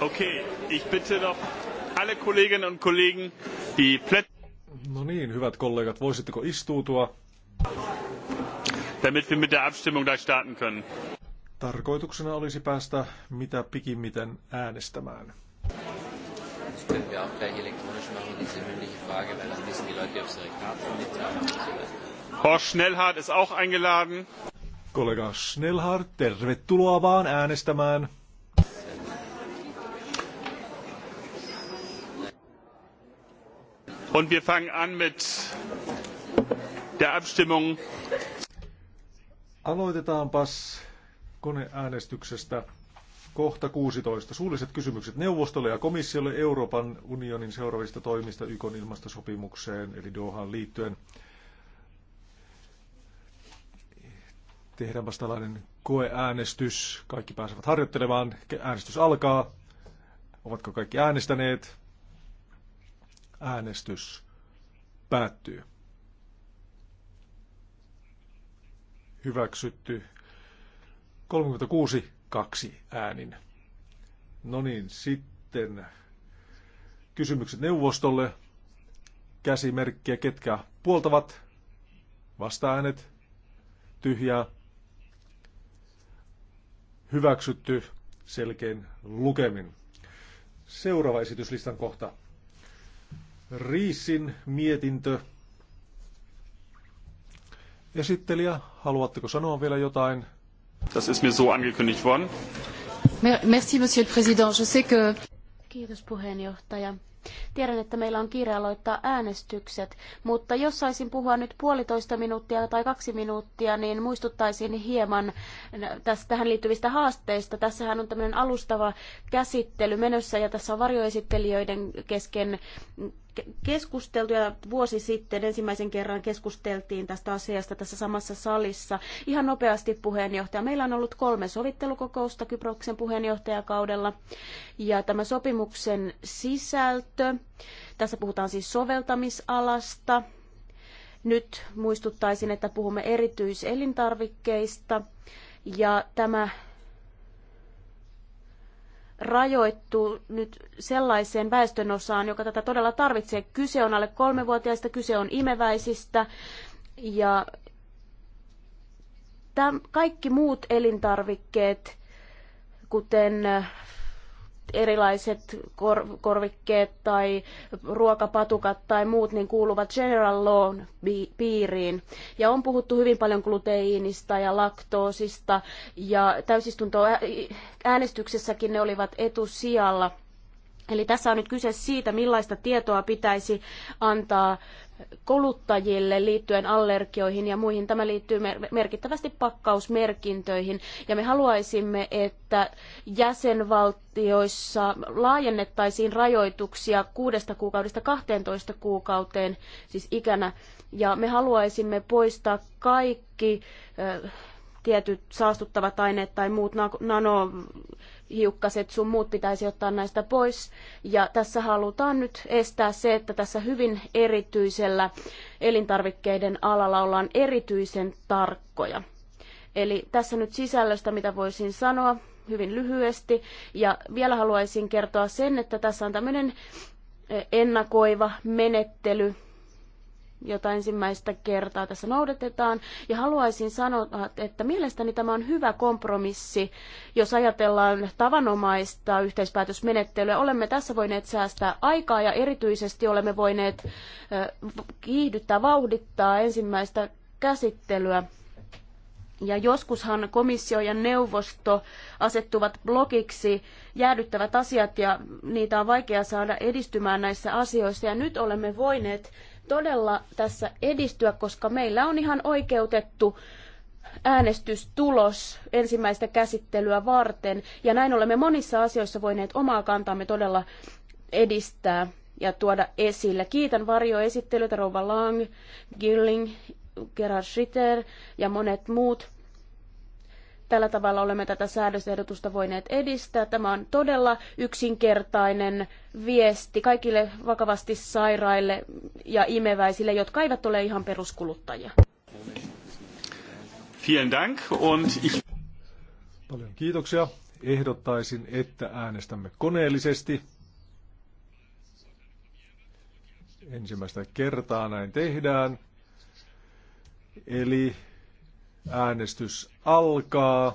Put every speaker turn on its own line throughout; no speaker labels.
Okay, ich bitte noch alle Kolleginnen und Kollegen, die Plätze...
No niin, hyvät kollegat, voisitteko istuutua?
Damit wir mit der Abstimmung gleich starten können.
Tarkoituksena olisi päästä mitä pikimmiten äänestämään. Das Horst
Schnellhardt ist auch eingeladen.
Kollega Schnellhardt, tervetuloa vaan äänestämään.
Und wir fangen an mit der Abstimmung.
Aloitetaanpas koneäänestyksestä. Kohta 16. Suulliset kysymykset neuvostolle ja komissiolle Euroopan unionin seuraavista toimista YK ilmastosopimukseen eli Dohaan liittyen. Tehdään tällainen koeäänestys. Kaikki pääsevät harjoittelemaan. Äänestys alkaa. Ovatko kaikki äänestäneet? Äänestys päättyy. Hyväksytty 36 2 äänin. No niin, sitten kysymykset neuvostolle. Käsimerkkiä, ketkä puoltavat. vasta-äänet. Tyhjää. Hyväksytty selkein lukemin. Seuraava esityslistan kohta. Riisin mietintö. Esittelijä, haluatteko sanoa vielä jotain? Das ist mir so angekündigt worden.
Merci, monsieur le président. Je sais que... Kiitos puheenjohtaja. Tiedän, että meillä on kiire aloittaa äänestykset, mutta jos saisin puhua nyt puolitoista minuuttia tai kaksi minuuttia, niin muistuttaisin hieman tästä, tähän liittyvistä haasteista. Tässähän on tämmöinen alustava käsittely menossa ja tässä on varjoesittelijöiden kesken keskusteltu ja vuosi sitten ensimmäisen kerran keskusteltiin tästä asiasta tässä samassa salissa. Ihan nopeasti puheenjohtaja. Meillä on ollut kolme sovittelukokousta Kyproksen puheenjohtajakaudella ja tämä sopimuksen sisältö. Tässä puhutaan siis soveltamisalasta. Nyt muistuttaisin, että puhumme erityiselintarvikkeista ja tämä rajoittuu nyt sellaiseen väestönosaan, joka tätä todella tarvitsee. Kyse on alle kolmevuotiaista, kyse on imeväisistä ja täm, kaikki muut elintarvikkeet, kuten erilaiset kor- korvikkeet tai ruokapatukat tai muut niin kuuluvat general law piiriin. Ja on puhuttu hyvin paljon gluteiinista ja laktoosista ja täysistunto äänestyksessäkin ne olivat etusijalla. Eli tässä on nyt kyse siitä, millaista tietoa pitäisi antaa kuluttajille liittyen allergioihin ja muihin. Tämä liittyy merkittävästi pakkausmerkintöihin ja me haluaisimme, että jäsenvaltioissa laajennettaisiin rajoituksia kuudesta kuukaudesta 12 kuukauteen, siis ikänä, ja me haluaisimme poistaa kaikki tietyt saastuttavat aineet tai muut nano hiukkaset sun muut pitäisi ottaa näistä pois. Ja tässä halutaan nyt estää se, että tässä hyvin erityisellä elintarvikkeiden alalla ollaan erityisen tarkkoja. Eli tässä nyt sisällöstä, mitä voisin sanoa hyvin lyhyesti. Ja vielä haluaisin kertoa sen, että tässä on tämmöinen ennakoiva menettely, jota ensimmäistä kertaa tässä noudatetaan. Ja haluaisin sanoa, että mielestäni tämä on hyvä kompromissi, jos ajatellaan tavanomaista yhteispäätösmenettelyä. Olemme tässä voineet säästää aikaa ja erityisesti olemme voineet kiihdyttää, vauhdittaa ensimmäistä käsittelyä. Ja joskushan komissio ja neuvosto asettuvat blokiksi, jäädyttävät asiat ja niitä on vaikea saada edistymään näissä asioissa. Ja nyt olemme voineet todella tässä edistyä, koska meillä on ihan oikeutettu äänestystulos ensimmäistä käsittelyä varten. Ja näin olemme monissa asioissa voineet omaa kantaamme todella edistää ja tuoda esille. Kiitän varjoesittelyitä Rova Lang, Gilling, Gerard Schritter ja monet muut Tällä tavalla olemme tätä säädösehdotusta voineet edistää. Tämä on todella yksinkertainen viesti kaikille vakavasti sairaille ja imeväisille, jotka eivät ole ihan peruskuluttajia.
Vielen Dank und ich...
Paljon kiitoksia. Ehdottaisin, että äänestämme koneellisesti. Ensimmäistä kertaa näin tehdään. Eli Äänestys alkaa.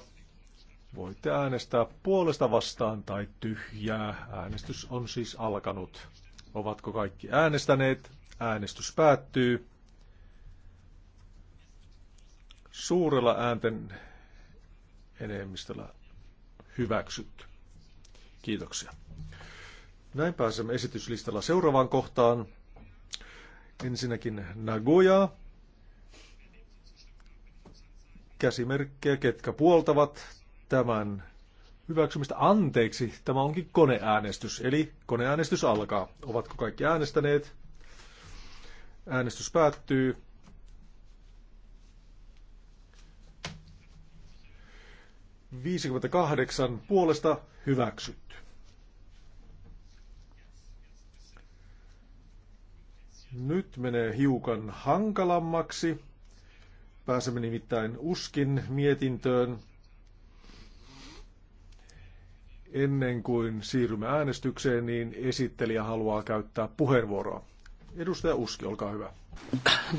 Voitte äänestää puolesta vastaan tai tyhjää. Äänestys on siis alkanut. Ovatko kaikki äänestäneet? Äänestys päättyy. Suurella äänten enemmistöllä hyväksytty. Kiitoksia. Näin pääsemme esityslistalla seuraavaan kohtaan. Ensinnäkin Nagoya, käsimerkkejä, ketkä puoltavat tämän hyväksymistä. Anteeksi, tämä onkin koneäänestys, eli koneäänestys alkaa. Ovatko kaikki äänestäneet? Äänestys päättyy. Viisikymmentäkahdeksan puolesta hyväksytty. Nyt menee hiukan hankalammaksi. Pääsemme nimittäin USKin mietintöön. Ennen kuin siirrymme äänestykseen, niin esittelijä haluaa käyttää puheenvuoroa. Edustaja Uski, olkaa hyvä.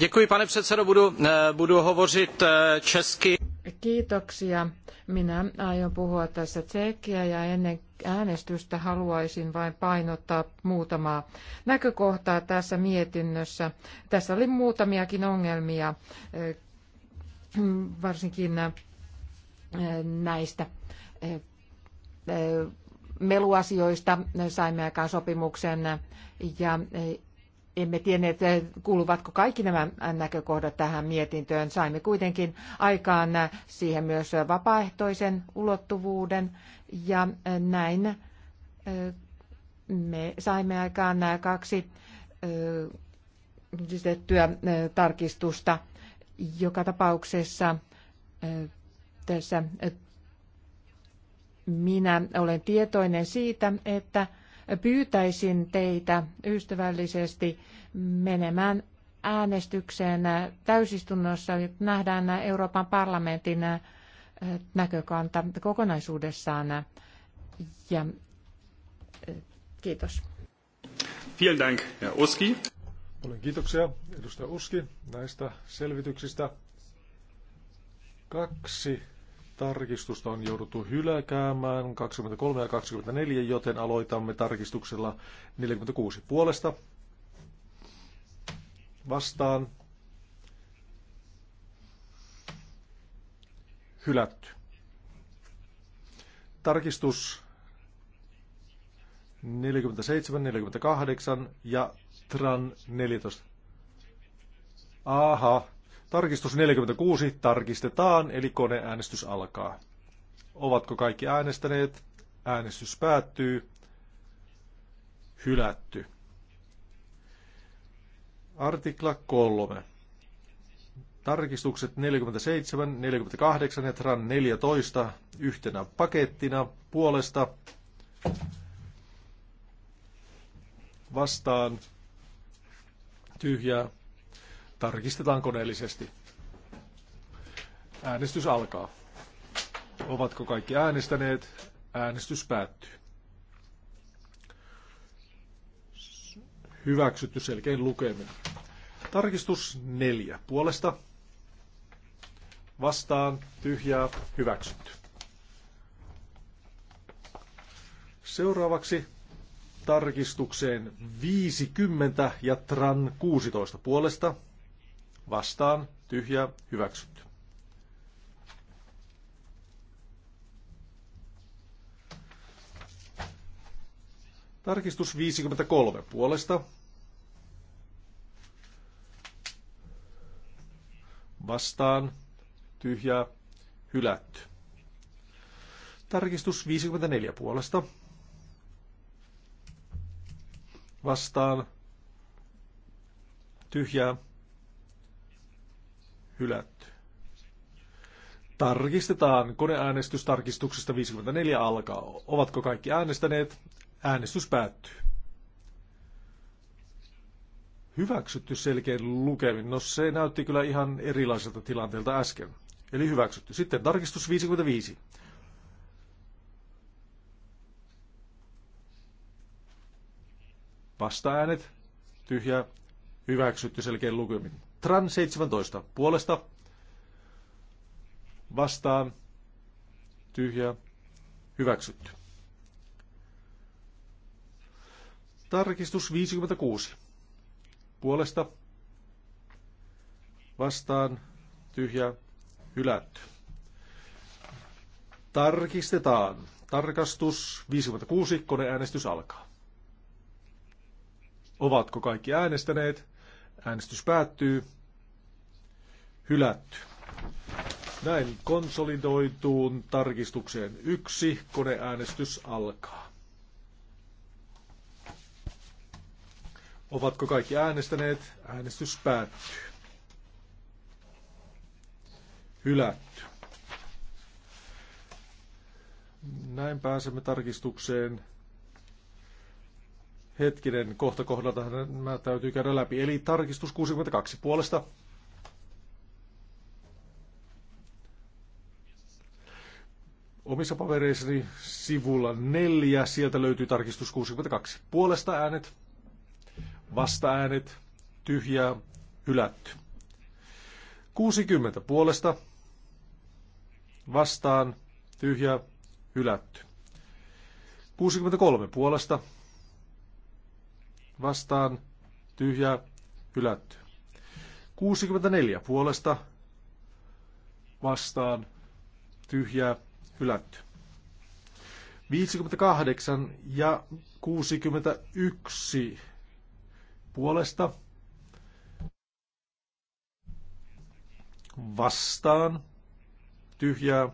Děkuji, pane předsedo, budu, eh, budu
hovořit eh, česky.
Kiitoksia. Minä aion puhua tässä tsekkiä ja ennen äänestystä haluaisin vain painottaa muutamaa näkökohtaa tässä mietinnössä. Tässä oli muutamiakin ongelmia eh, varsinkin äh, näistä äh, äh, meluasioista saimme aikaan sopimuksen ja emme tienneet, kuuluvatko kaikki nämä näkökohdat tähän mietintöön. Saimme kuitenkin aikaan siihen myös vapaaehtoisen ulottuvuuden ja näin me saimme aikaan nämä kaksi tarkistusta joka tapauksessa tässä minä olen tietoinen siitä, että pyytäisin teitä ystävällisesti menemään äänestykseen täysistunnossa, nähdään Euroopan parlamentin näkökanta kokonaisuudessaan. Ja
kiitos. Vielen Dank, Herr Oski. Paljon kiitoksia edustaja Uski näistä selvityksistä. Kaksi tarkistusta on jouduttu hylkäämään 23 ja 24, joten aloitamme tarkistuksella 46 puolesta. Vastaan hylätty. Tarkistus 47, 48 ja Tran 14. Aha. Tarkistus 46 tarkistetaan, eli koneäänestys alkaa. Ovatko kaikki äänestäneet? Äänestys päättyy. Hylätty. Artikla 3. Tarkistukset 47, 48 ja TRAN 14 yhtenä pakettina puolesta vastaan tyhjää. Tarkistetaan koneellisesti. Äänestys alkaa. Ovatko kaikki äänestäneet? Äänestys päättyy. Hyväksytty selkein lukeminen. Tarkistus neljä. Puolesta vastaan tyhjää hyväksytty. Seuraavaksi tarkistukseen 50 ja TRAN 16 puolesta. Vastaan tyhjä hyväksytty. Tarkistus 53 puolesta. Vastaan tyhjä hylätty. Tarkistus 54 puolesta vastaan tyhjää hylätty. Tarkistetaan koneäänestystarkistuksesta 54 alkaa. Ovatko kaikki äänestäneet? Äänestys päättyy. Hyväksytty selkein lukemin. No se näytti kyllä ihan erilaiselta tilanteelta äsken. Eli hyväksytty. Sitten tarkistus 55. Vastaäänet. Tyhjä. Hyväksytty selkeä lukemin. Tran 17. Puolesta. Vastaan. Tyhjä. Hyväksytty. Tarkistus 56. Puolesta. Vastaan. Tyhjä. Hylätty. Tarkistetaan. Tarkastus 56. Koneäänestys alkaa. Ovatko kaikki äänestäneet? Äänestys päättyy. Hylätty. Näin konsolidoituun tarkistukseen yksi koneäänestys alkaa. Ovatko kaikki äänestäneet? Äänestys päättyy. Hylätty. Näin pääsemme tarkistukseen Hetkinen, kohta kohdalta mä täytyy käydä läpi. Eli tarkistus 62 puolesta. Omissa papereissani sivulla neljä, sieltä löytyy tarkistus 62. Puolesta äänet, vasta äänet, tyhjää, hylätty. 60 puolesta, vastaan, tyhjää, hylätty. 63 puolesta, vastaan tyhjää hylätty. 64 puolesta vastaan tyhjää hylätty. 58 ja 61 puolesta vastaan tyhjää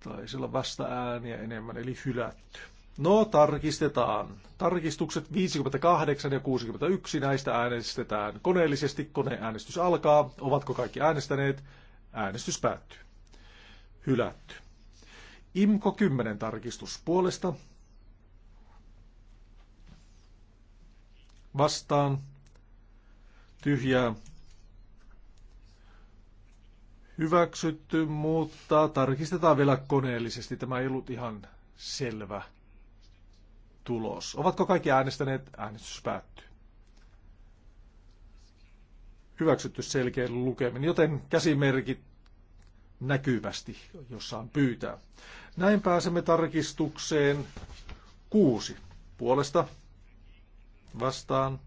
taisi olla vasta ääniä enemmän, eli hylätty. No, tarkistetaan. Tarkistukset 58 ja 61, näistä äänestetään koneellisesti. Koneäänestys alkaa. Ovatko kaikki äänestäneet? Äänestys päättyy. Hylätty. IMKO 10 tarkistus puolesta. Vastaan. Tyhjää. Hyväksytty, mutta tarkistetaan vielä koneellisesti. Tämä ei ollut ihan selvä tulos. Ovatko kaikki äänestäneet? Äänestys päättyy. Hyväksytty selkeä lukemin, joten käsimerkit näkyvästi, jos saan pyytää. Näin pääsemme tarkistukseen kuusi. Puolesta vastaan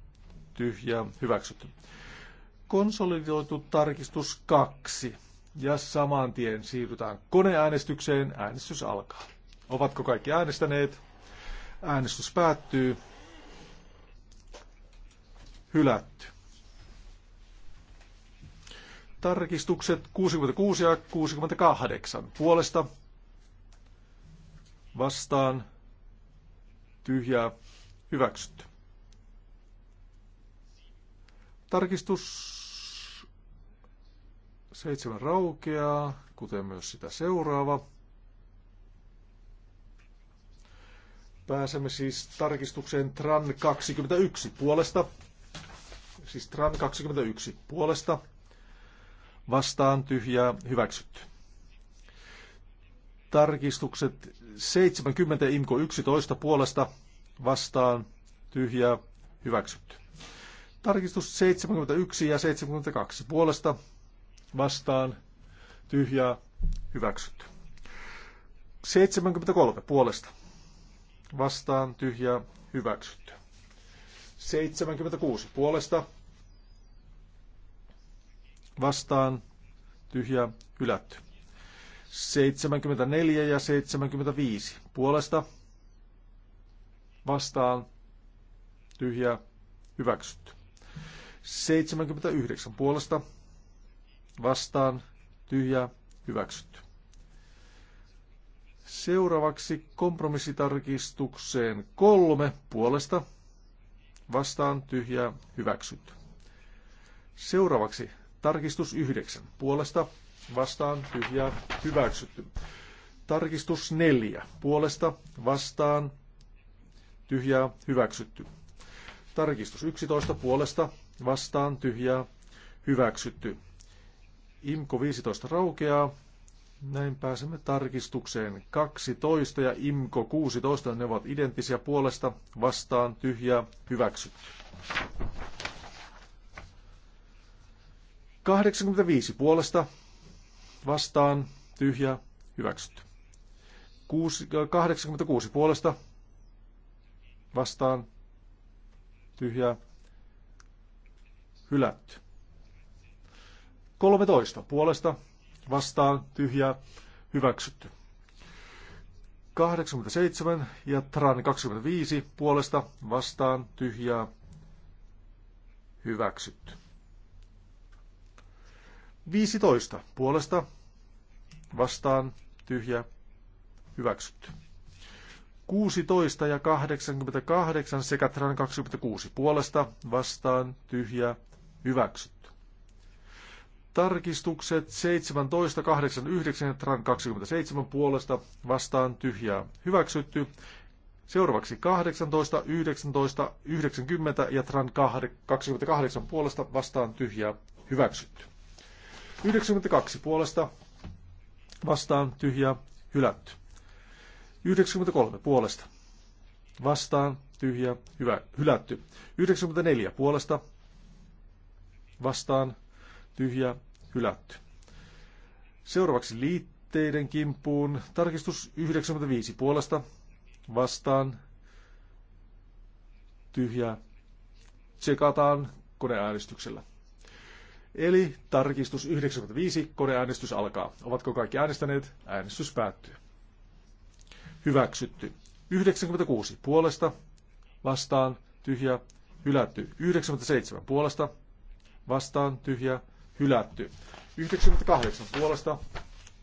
tyhjä hyväksytty. Konsolidoitu tarkistus kaksi. Ja saman tien siirrytään koneäänestykseen. Äänestys alkaa. Ovatko kaikki äänestäneet? Äänestys päättyy. Hylätty. Tarkistukset 66 ja 68. Puolesta vastaan tyhjää hyväksytty. Tarkistus 7 raukeaa, kuten myös sitä seuraava. Pääsemme siis tarkistukseen TRAN 21 puolesta. Siis TRAN 21 puolesta. Vastaan tyhjää hyväksytty. Tarkistukset 70 IMKO 11 puolesta vastaan tyhjää hyväksytty. Tarkistus 71 ja 72 puolesta vastaan tyhjää hyväksytty. 73 puolesta vastaan tyhjää hyväksytty. 76 puolesta vastaan tyhjää hylätty. 74 ja 75 puolesta vastaan tyhjää hyväksytty. 79 puolesta vastaan tyhjää hyväksytty. Seuraavaksi kompromissitarkistukseen kolme puolesta vastaan tyhjää hyväksytty. Seuraavaksi tarkistus yhdeksän puolesta vastaan tyhjää hyväksytty. Tarkistus neljä puolesta vastaan tyhjää hyväksytty. Tarkistus 11 puolesta vastaan tyhjää hyväksytty. Imko 15 raukeaa. Näin pääsemme tarkistukseen 12 ja IMKO 16. Ne ovat identtisiä puolesta, vastaan, tyhjää, hyväksytty. 85 puolesta, vastaan, tyhjää, hyväksytty. 86 äh, puolesta, vastaan, tyhjää, hylätty. 13 puolesta, vastaan tyhjää hyväksytty. 87 ja Tran 25 puolesta vastaan tyhjää hyväksytty. 15 puolesta vastaan tyhjä hyväksytty. 16 ja 88 sekä Tran 26 puolesta vastaan tyhjä hyväksytty. Tarkistukset 17.89.27 tran 27 puolesta vastaan tyhjää hyväksytty. Seuraavaksi 18, 19, 90 ja tran 28 puolesta vastaan tyhjää hyväksytty. 92 puolesta vastaan tyhjää hylätty. 93 puolesta vastaan tyhjä hyvä, hylätty. 94 puolesta vastaan tyhjä hylätty. Seuraavaksi liitteiden kimppuun. Tarkistus 95 puolesta vastaan tyhjää. Tsekataan koneäänestyksellä. Eli tarkistus 95, koneäänestys alkaa. Ovatko kaikki äänestäneet? Äänestys päättyy. Hyväksytty. 96 puolesta, vastaan, tyhjä, hylätty. 97 puolesta, vastaan, tyhjä, hylätty. 98 puolesta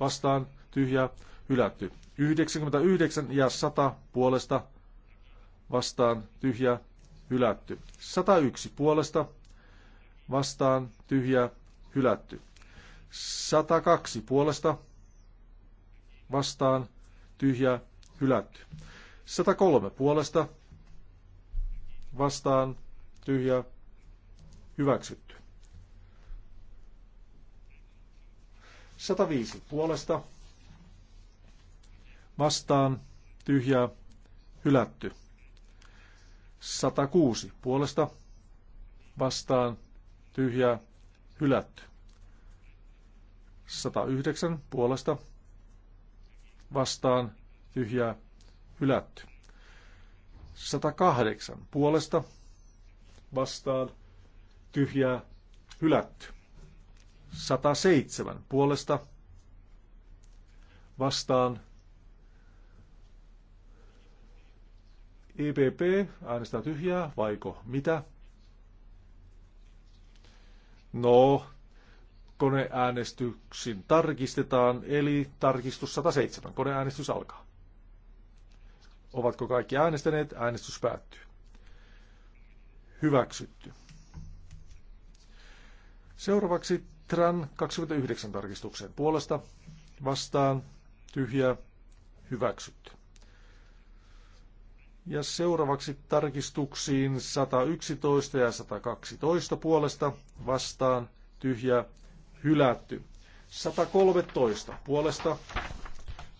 vastaan tyhjä hylätty. 99 ja 100 puolesta vastaan tyhjä hylätty. 101 puolesta vastaan tyhjä hylätty. 102 puolesta vastaan tyhjä hylätty. 103 puolesta vastaan tyhjä hyväksytty. 105 puolesta vastaan tyhjää hylätty. 106 puolesta vastaan tyhjää hylätty. 109 puolesta vastaan tyhjää hylätty. 108 puolesta vastaan tyhjää hylätty. 107 puolesta vastaan EPP äänestää tyhjää, vaiko mitä? No, koneäänestyksin tarkistetaan, eli tarkistus 107. Koneäänestys alkaa. Ovatko kaikki äänestäneet? Äänestys päättyy. Hyväksytty. Seuraavaksi Tran 29 tarkistukseen puolesta vastaan tyhjä hyväksytty. Ja seuraavaksi tarkistuksiin 111 ja 112 puolesta vastaan tyhjä hylätty. 113 puolesta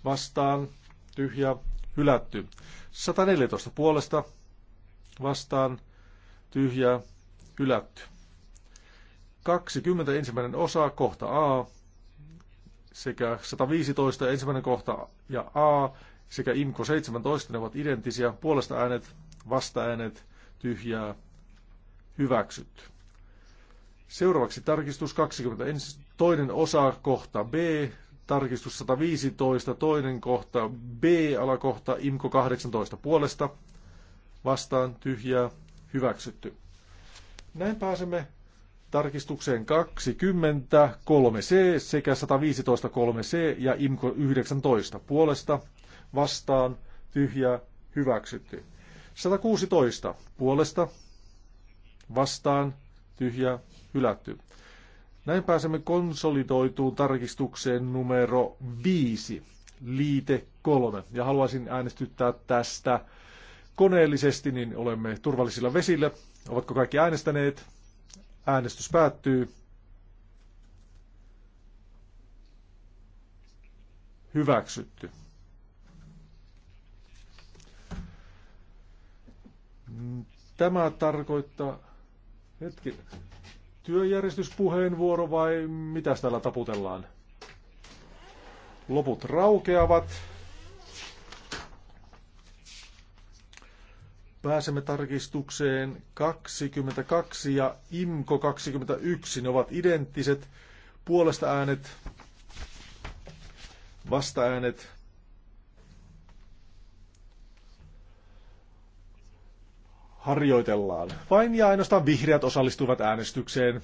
vastaan tyhjä hylätty. 114 puolesta vastaan tyhjä hylätty. 20 ensimmäinen osa, kohta A, sekä 115 ensimmäinen kohta ja A, sekä IMKO 17, ne ovat identtisiä, puolesta äänet, vasta äänet, tyhjää, hyväksytty. Seuraavaksi tarkistus 21. Toinen osa kohta B, tarkistus 115, toinen kohta B, alakohta IMKO 18 puolesta, vastaan tyhjää, hyväksytty. Näin pääsemme tarkistukseen 20, 3C sekä 115, 3C ja IMCO 19 puolesta vastaan tyhjää hyväksytty. 116 puolesta vastaan tyhjää hylätty. Näin pääsemme konsolidoituun tarkistukseen numero 5, liite 3. Ja haluaisin äänestyttää tästä koneellisesti, niin olemme turvallisilla vesillä. Ovatko kaikki äänestäneet? Äänestys päättyy. Hyväksytty. Tämä tarkoittaa, hetki, työjärjestyspuheenvuoro vai mitä täällä taputellaan? Loput raukeavat. Pääsemme tarkistukseen 22 ja IMKO 21. Ne ovat identtiset. Puolesta äänet, vasta äänet, harjoitellaan. Vain ja ainoastaan vihreät osallistuvat äänestykseen.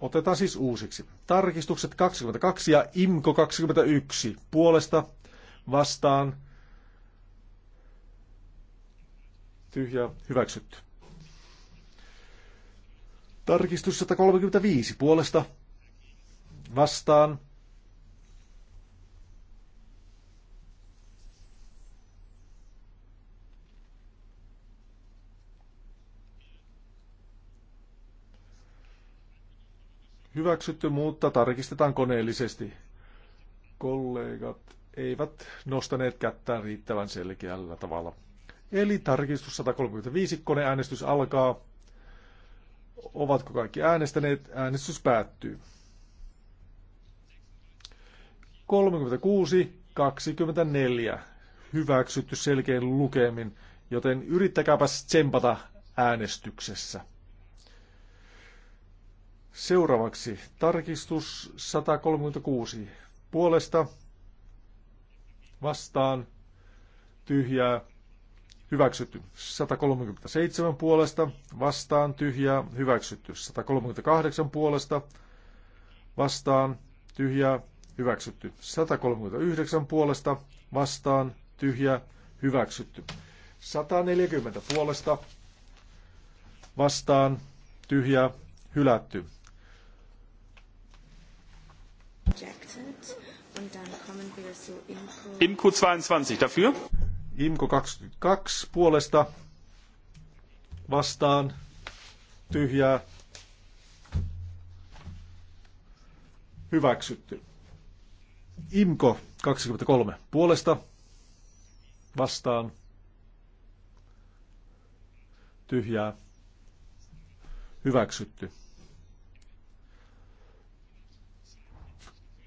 Otetaan siis uusiksi. Tarkistukset 22 ja IMKO 21. Puolesta vastaan Tyhjä hyväksytty. Tarkistus 135 puolesta vastaan. Hyväksytty, mutta tarkistetaan koneellisesti. Kollegat eivät nostaneet kättään riittävän selkeällä tavalla. Eli tarkistus 135, koneäänestys alkaa. Ovatko kaikki äänestäneet? Äänestys päättyy. 36, 24. Hyväksytty selkein lukemin, joten yrittäkääpäs tsempata äänestyksessä. Seuraavaksi tarkistus 136. Puolesta vastaan tyhjää hyväksytty. 137 puolesta vastaan tyhjää hyväksytty. 138 puolesta vastaan tyhjää hyväksytty. 139 puolesta vastaan tyhjää hyväksytty. 140 puolesta vastaan tyhjää hylätty.
q
22
dafür. Imko 22 puolesta vastaan tyhjää hyväksytty. Imko 23 puolesta vastaan tyhjää hyväksytty.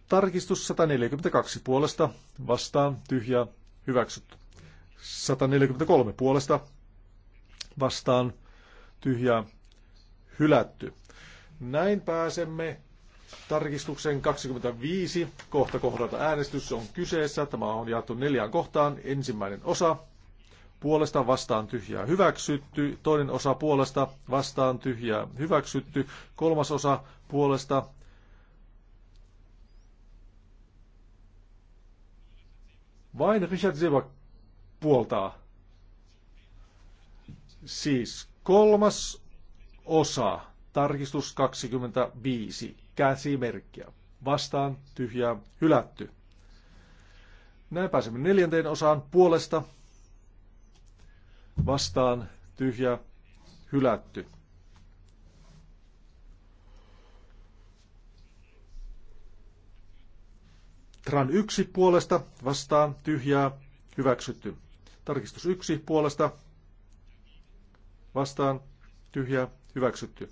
Tarkistus 142 puolesta vastaan tyhjää hyväksytty. 143 puolesta vastaan tyhjää hylätty. Näin pääsemme tarkistuksen 25. Kohta kohdalta äänestys on kyseessä. Tämä on jaettu neljään kohtaan. Ensimmäinen osa puolesta vastaan tyhjää hyväksytty, toinen osa puolesta vastaan tyhjää hyväksytty, kolmas osa puolesta vain Richard Zebak puoltaa. Siis kolmas osa, tarkistus 25, käsimerkkiä. Vastaan, tyhjää, hylätty. Näin pääsemme neljänteen osaan puolesta. Vastaan, tyhjä, hylätty. Tran yksi puolesta vastaan tyhjää hyväksytty. Tarkistus 1 puolesta vastaan Tyhjä. hyväksytty.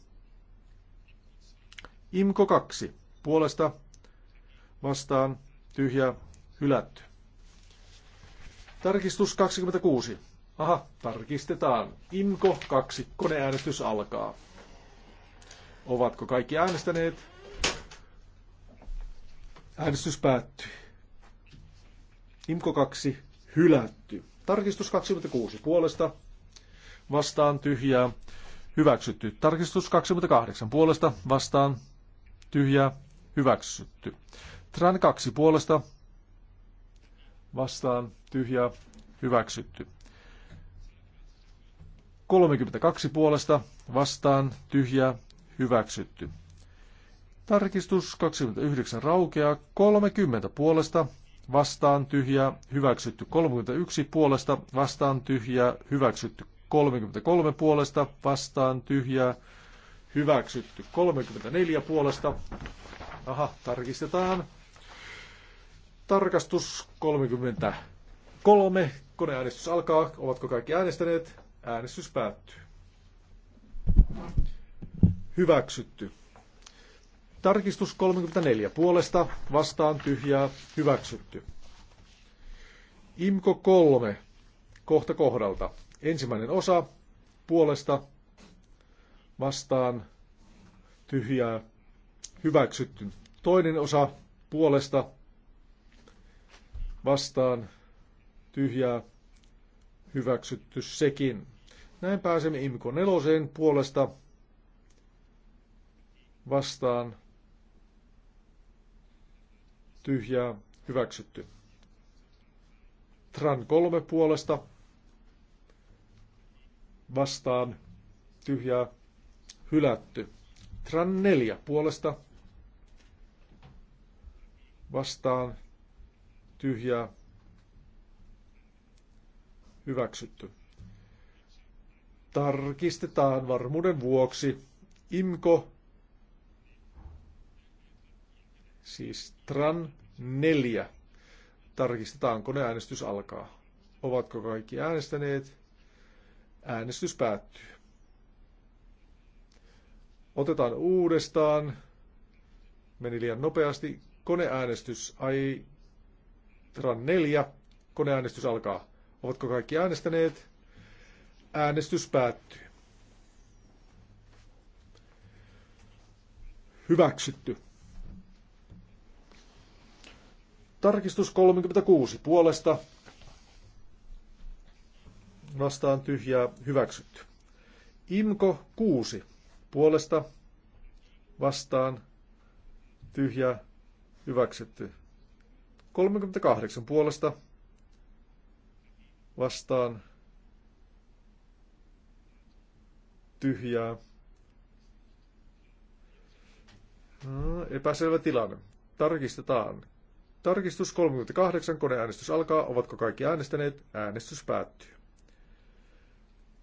Imko 2 puolesta vastaan Tyhjä. hylätty. Tarkistus 26. Aha, tarkistetaan. Imko 2. Koneäänestys alkaa. Ovatko kaikki äänestäneet? Äänestys päättyy. Imko 2. Hylätty. Tarkistus 26 puolesta vastaan tyhjää hyväksytty. Tarkistus 28 puolesta vastaan tyhjää hyväksytty. Tran 2 puolesta vastaan tyhjää hyväksytty. 32 puolesta vastaan tyhjää hyväksytty. Tarkistus 29 raukeaa 30 puolesta vastaan tyhjää, hyväksytty 31 puolesta, vastaan tyhjää, hyväksytty 33 puolesta, vastaan tyhjää, hyväksytty 34 puolesta. Aha, tarkistetaan. Tarkastus 33. Koneäänestys alkaa. Ovatko kaikki äänestäneet? Äänestys päättyy. Hyväksytty. Tarkistus 34 puolesta vastaan tyhjää hyväksytty. Imko 3 kohta kohdalta. Ensimmäinen osa puolesta vastaan tyhjää hyväksytty. Toinen osa puolesta vastaan tyhjää hyväksytty sekin. Näin pääsemme Imko neloseen puolesta vastaan tyhjää hyväksytty. Tran kolme puolesta vastaan tyhjää hylätty. Tran neljä puolesta vastaan tyhjää hyväksytty. Tarkistetaan varmuuden vuoksi. Imko Siis TRAN 4. Tarkistetaan, äänestys alkaa. Ovatko kaikki äänestäneet? Äänestys päättyy. Otetaan uudestaan. Meni liian nopeasti. Koneäänestys. Ai, TRAN 4. Koneäänestys alkaa. Ovatko kaikki äänestäneet? Äänestys päättyy. Hyväksytty. Tarkistus 36 puolesta vastaan tyhjää hyväksytty. Imko 6 puolesta vastaan tyhjää hyväksytty. 38 puolesta vastaan tyhjää. No, epäselvä tilanne. Tarkistetaan. Tarkistus 38, koneäänestys alkaa. Ovatko kaikki äänestäneet? Äänestys päättyy.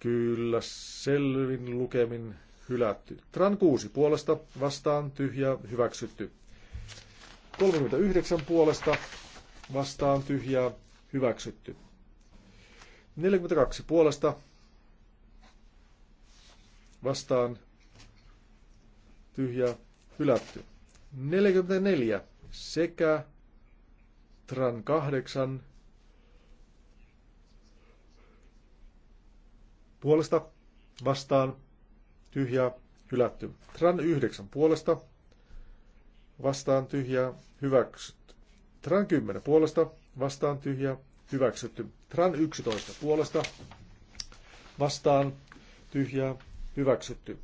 Kyllä, selvin lukemin hylätty. Tran 6 puolesta, vastaan tyhjä, hyväksytty. 39 puolesta, vastaan tyhjää, hyväksytty. 42 puolesta, vastaan tyhjä hylätty. 44 sekä Tran 8 puolesta vastaan tyhjää hylätty. Tran 9 puolesta vastaan tyhjää hyväksytty. Tran 10 puolesta vastaan tyhjää hyväksytty. Tran 11 puolesta vastaan tyhjää hyväksytty.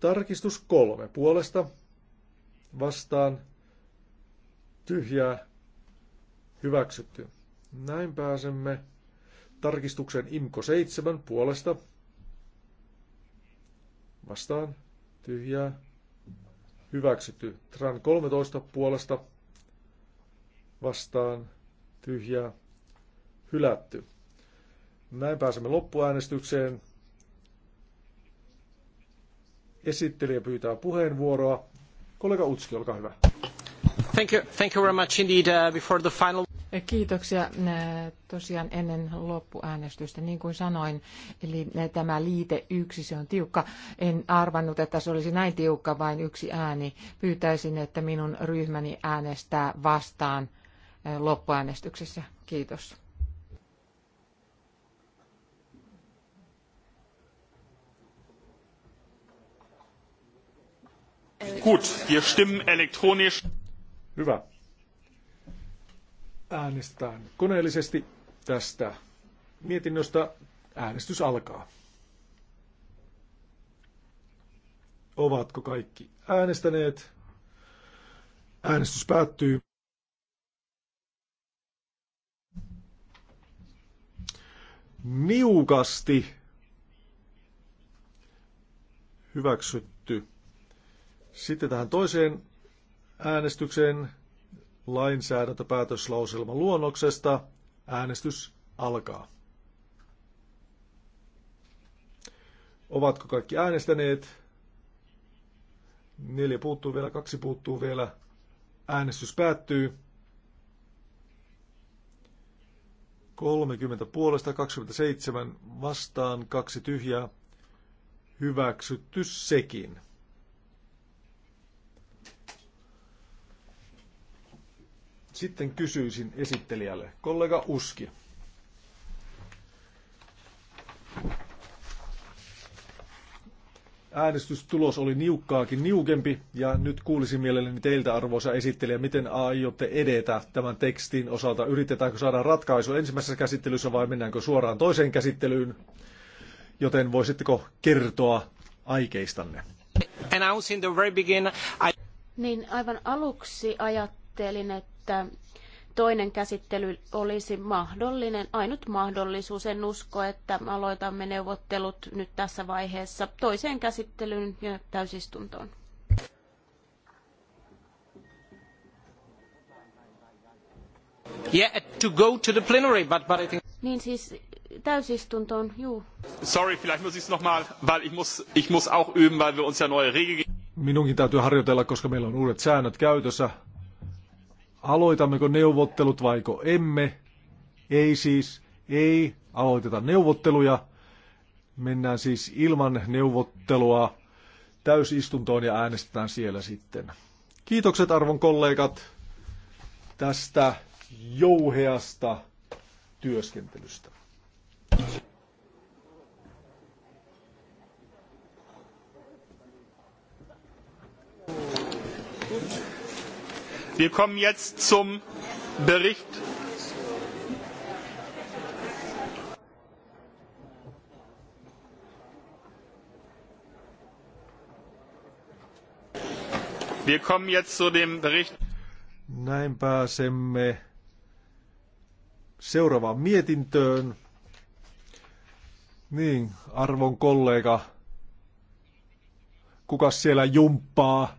Tarkistus 3 puolesta vastaan tyhjää hyväksytty. Näin pääsemme tarkistuksen IMKO 7 puolesta. Vastaan tyhjää hyväksytty. TRAN 13 puolesta vastaan tyhjää hylätty. Näin pääsemme loppuäänestykseen. Esittelijä pyytää puheenvuoroa. Kollega Utski, olkaa hyvä.
Kiitoksia. Tosiaan ennen loppuäänestystä, niin kuin sanoin, eli äh, tämä liite yksi, se on tiukka. En arvannut, että se olisi näin tiukka, vain yksi ääni. Pyytäisin, että minun ryhmäni äänestää vastaan äh, loppuäänestyksessä. Kiitos.
Gut, wir stimmen
elektronisch. Hyvä. Äänestään koneellisesti tästä mietinnöstä. Äänestys alkaa. Ovatko kaikki äänestäneet? Äänestys päättyy. Niukasti hyväksytty. Sitten tähän toiseen äänestykseen lainsäädäntöpäätöslauselman luonnoksesta. Äänestys alkaa. Ovatko kaikki äänestäneet? Neljä puuttuu vielä, kaksi puuttuu vielä. Äänestys päättyy. 30 puolesta, 27 vastaan, kaksi tyhjää. Hyväksytty sekin. Sitten kysyisin esittelijälle, kollega Uski. Äänestystulos oli niukkaakin niukempi ja nyt kuulisin mielelläni teiltä arvoisa esittelijä, miten aiotte edetä tämän tekstin osalta. Yritetäänkö saada ratkaisu ensimmäisessä käsittelyssä vai mennäänkö suoraan toiseen käsittelyyn? Joten voisitteko kertoa aikeistanne?
Niin aivan aluksi ajattelin, että että toinen käsittely olisi mahdollinen, ainut mahdollisuus. En usko, että aloitamme neuvottelut nyt tässä vaiheessa toiseen käsittelyyn ja täysistuntoon.
Yeah, to go to the
plenary, but, but I think...
Niin siis täysistuntoon, juu.
Sorry, vielleicht muss ich es nochmal, weil ich muss, ich muss auch üben, weil wir uns ja neue Regeln...
Minunkin täytyy harjoitella, koska meillä on uudet säännöt käytössä aloitammeko neuvottelut vaiko emme. Ei siis, ei aloiteta neuvotteluja. Mennään siis ilman neuvottelua täysistuntoon ja äänestetään siellä sitten. Kiitokset arvon kollegat tästä jouheasta työskentelystä.
Wir kommen jetzt zum Bericht Wir kommen jetzt zu dem Bericht.
Näin pääsemme seuraavaan mietintöön. Niin, arvon kollega, kuka siellä jumppaa?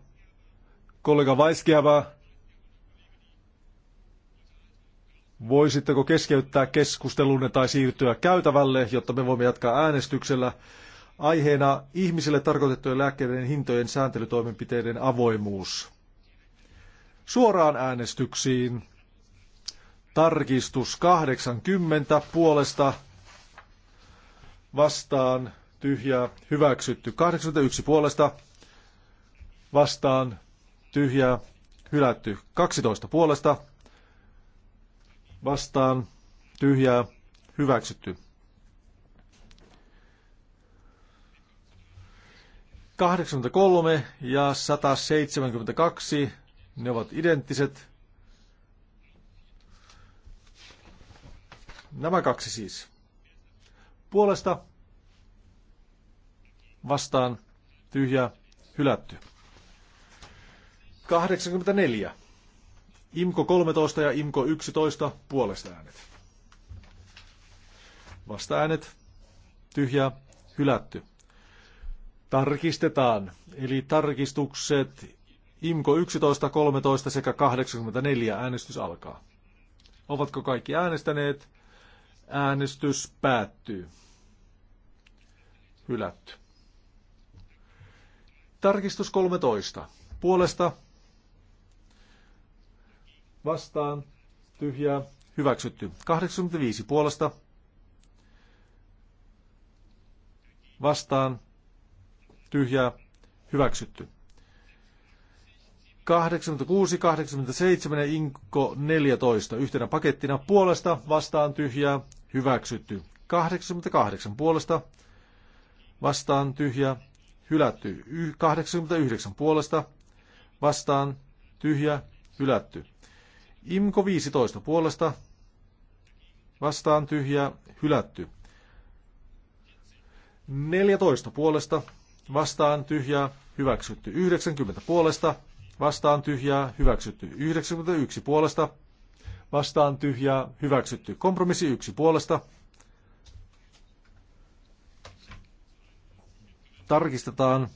Kollega Vaiskeävä, Voisitteko keskeyttää keskustelunne tai siirtyä käytävälle, jotta me voimme jatkaa äänestyksellä? Aiheena ihmisille tarkoitettujen lääkkeiden hintojen sääntelytoimenpiteiden avoimuus. Suoraan äänestyksiin. Tarkistus 80 puolesta vastaan tyhjää hyväksytty. 81 puolesta vastaan tyhjää hylätty. 12 puolesta vastaan tyhjää hyväksytty. kolme ja 172, ne ovat identtiset. Nämä kaksi siis. Puolesta vastaan tyhjä hylätty. 84 IMKO 13 ja IMKO 11 puolesta äänet. Vasta äänet. Tyhjä. Hylätty. Tarkistetaan. Eli tarkistukset IMKO 11, 13 sekä 84 äänestys alkaa. Ovatko kaikki äänestäneet? Äänestys päättyy. Hylätty. Tarkistus 13. Puolesta vastaan, tyhjää, hyväksytty. 85 puolesta, vastaan, tyhjää, hyväksytty. 86, 87 ja Inko 14 yhtenä pakettina puolesta, vastaan, tyhjää, hyväksytty. 88 puolesta, vastaan, tyhjää, hylätty. 89 puolesta, vastaan, tyhjä, hylätty. Imko 15 puolesta vastaan tyhjä hylätty. 14 puolesta vastaan tyhjä hyväksytty. 90 puolesta vastaan tyhjä hyväksytty. 91 puolesta vastaan tyhjä hyväksytty. Kompromissi 1 puolesta tarkistetaan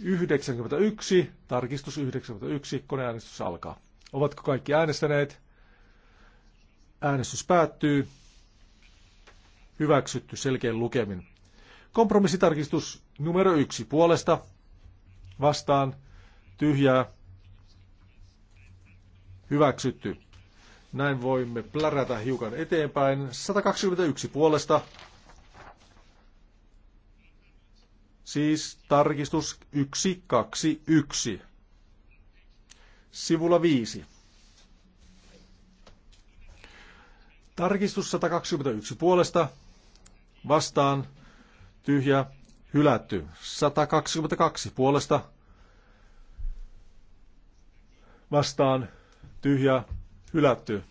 91, tarkistus 91, koneäänestys alkaa. Ovatko kaikki äänestäneet? Äänestys päättyy. Hyväksytty selkein lukemin. Kompromissitarkistus numero yksi puolesta. Vastaan. Tyhjää. Hyväksytty. Näin voimme plärätä hiukan eteenpäin. 121 puolesta. Siis tarkistus 121. Sivulla 5. Tarkistus 121 puolesta vastaan tyhjä hylätty. 122 puolesta vastaan tyhjä hylätty.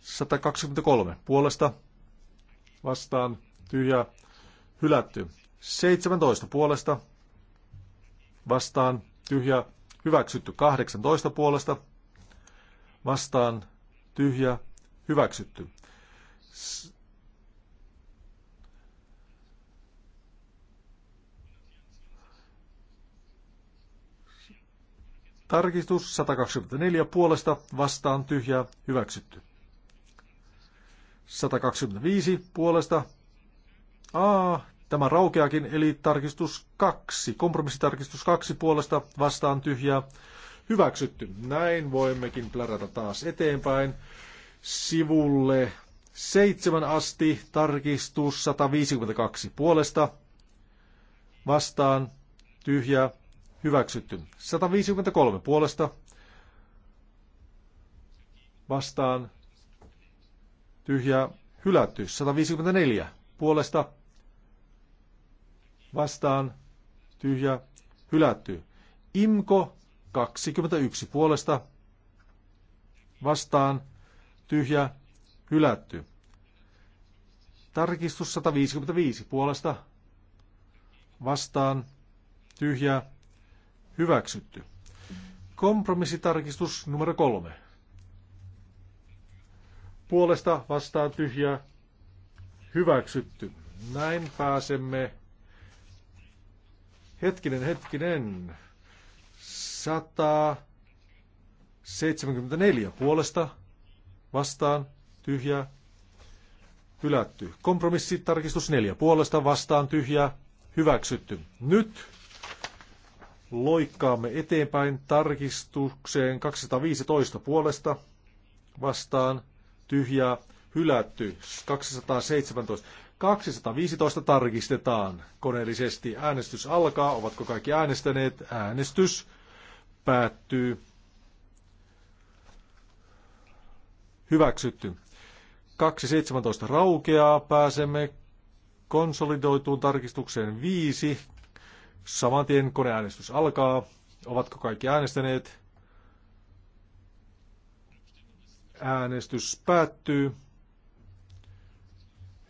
123 puolesta vastaan tyhjä hylätty. 17 puolesta vastaan tyhjä Hyväksytty 18 puolesta. Vastaan tyhjä. Hyväksytty. S- 124 puolesta vastaan tyhjä hyväksytty. 125 puolesta. A, Tämä raukeakin, eli tarkistus 2, kompromissitarkistus 2 puolesta vastaan tyhjää hyväksytty. Näin voimmekin plärätä taas eteenpäin sivulle 7 asti tarkistus 152 puolesta vastaan tyhjää hyväksytty. 153 puolesta vastaan tyhjää hylätty. 154 puolesta vastaan tyhjä hylätty. Imko 21 puolesta vastaan tyhjä hylätty. Tarkistus 155 puolesta vastaan tyhjä hyväksytty. Kompromissitarkistus numero kolme. Puolesta vastaan tyhjä hyväksytty. Näin pääsemme Hetkinen, hetkinen. 174 puolesta vastaan tyhjä, hylätty. Kompromissitarkistus 4 puolesta vastaan tyhjä, hyväksytty. Nyt loikkaamme eteenpäin tarkistukseen 215 puolesta vastaan tyhjä, hylätty 217. 215 tarkistetaan koneellisesti. Äänestys alkaa. Ovatko kaikki äänestäneet? Äänestys päättyy. Hyväksytty. 2.17 raukeaa. Pääsemme konsolidoituun tarkistukseen 5. Samantien koneäänestys alkaa. Ovatko kaikki äänestäneet? Äänestys päättyy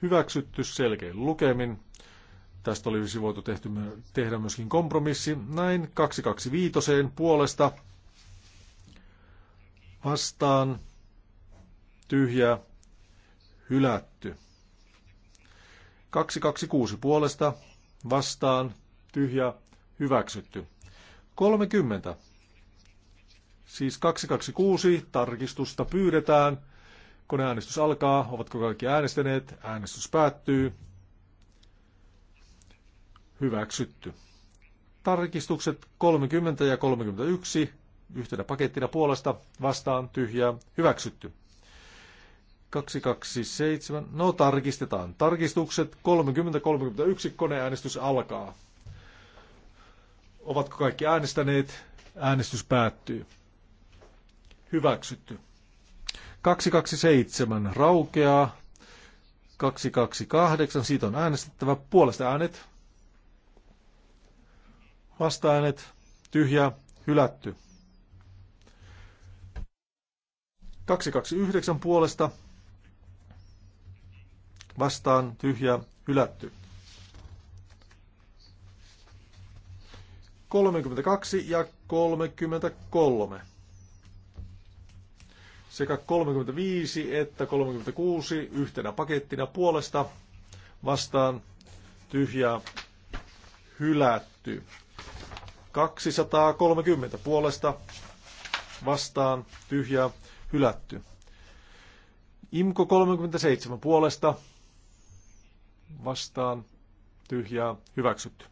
hyväksytty selkein lukemin. Tästä olisi siis voitu tehty, tehdä myöskin kompromissi. Näin 225 puolesta vastaan tyhjä hylätty. 226 puolesta vastaan tyhjä hyväksytty. 30. Siis 226 tarkistusta pyydetään Koneäänestys alkaa. Ovatko kaikki äänestäneet? Äänestys päättyy. Hyväksytty. Tarkistukset 30 ja 31 yhtenä pakettina puolesta vastaan tyhjää. Hyväksytty. 227. No tarkistetaan. Tarkistukset 30-31. Koneäänestys alkaa. Ovatko kaikki äänestäneet? Äänestys päättyy. Hyväksytty. 227 raukeaa. 228, siitä on äänestettävä. Puolesta äänet. Vasta äänet. Tyhjä. Hylätty. 229 puolesta. Vastaan. Tyhjä. Hylätty. 32 ja 33 sekä 35 että 36 yhtenä pakettina puolesta vastaan tyhjää hylätty. 230 puolesta vastaan tyhjää hylätty. Imko 37 puolesta vastaan tyhjää hyväksytty.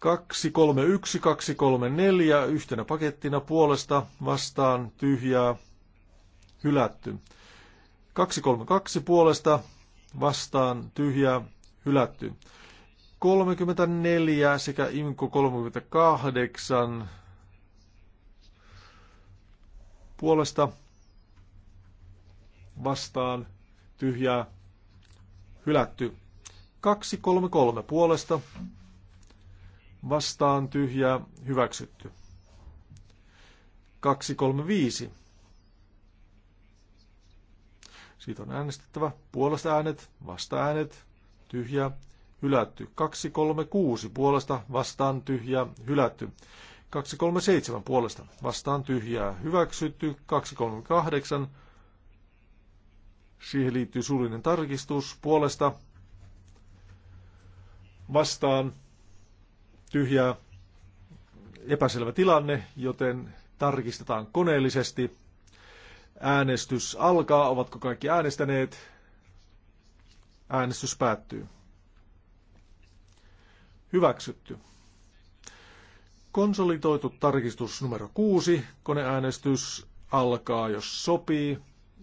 231234 yhtenä pakettina puolesta vastaan tyhjää hylätty. 232 puolesta vastaan tyhjää hylätty. 34 sekä IMKO 38 puolesta vastaan tyhjää hylätty. 233 puolesta vastaan tyhjää hyväksytty. 235. Siitä on äänestettävä puolesta äänet, vasta äänet, tyhjä, hylätty. 236 puolesta, vastaan tyhjä, hylätty. 237 puolesta, vastaan tyhjää, hyväksytty. 238, siihen liittyy suullinen tarkistus, puolesta, vastaan tyhjää, epäselvä tilanne, joten tarkistetaan koneellisesti. Äänestys alkaa, ovatko kaikki äänestäneet? Äänestys päättyy. Hyväksytty. Konsolidoitu tarkistus numero 6. Koneäänestys alkaa, jos sopii.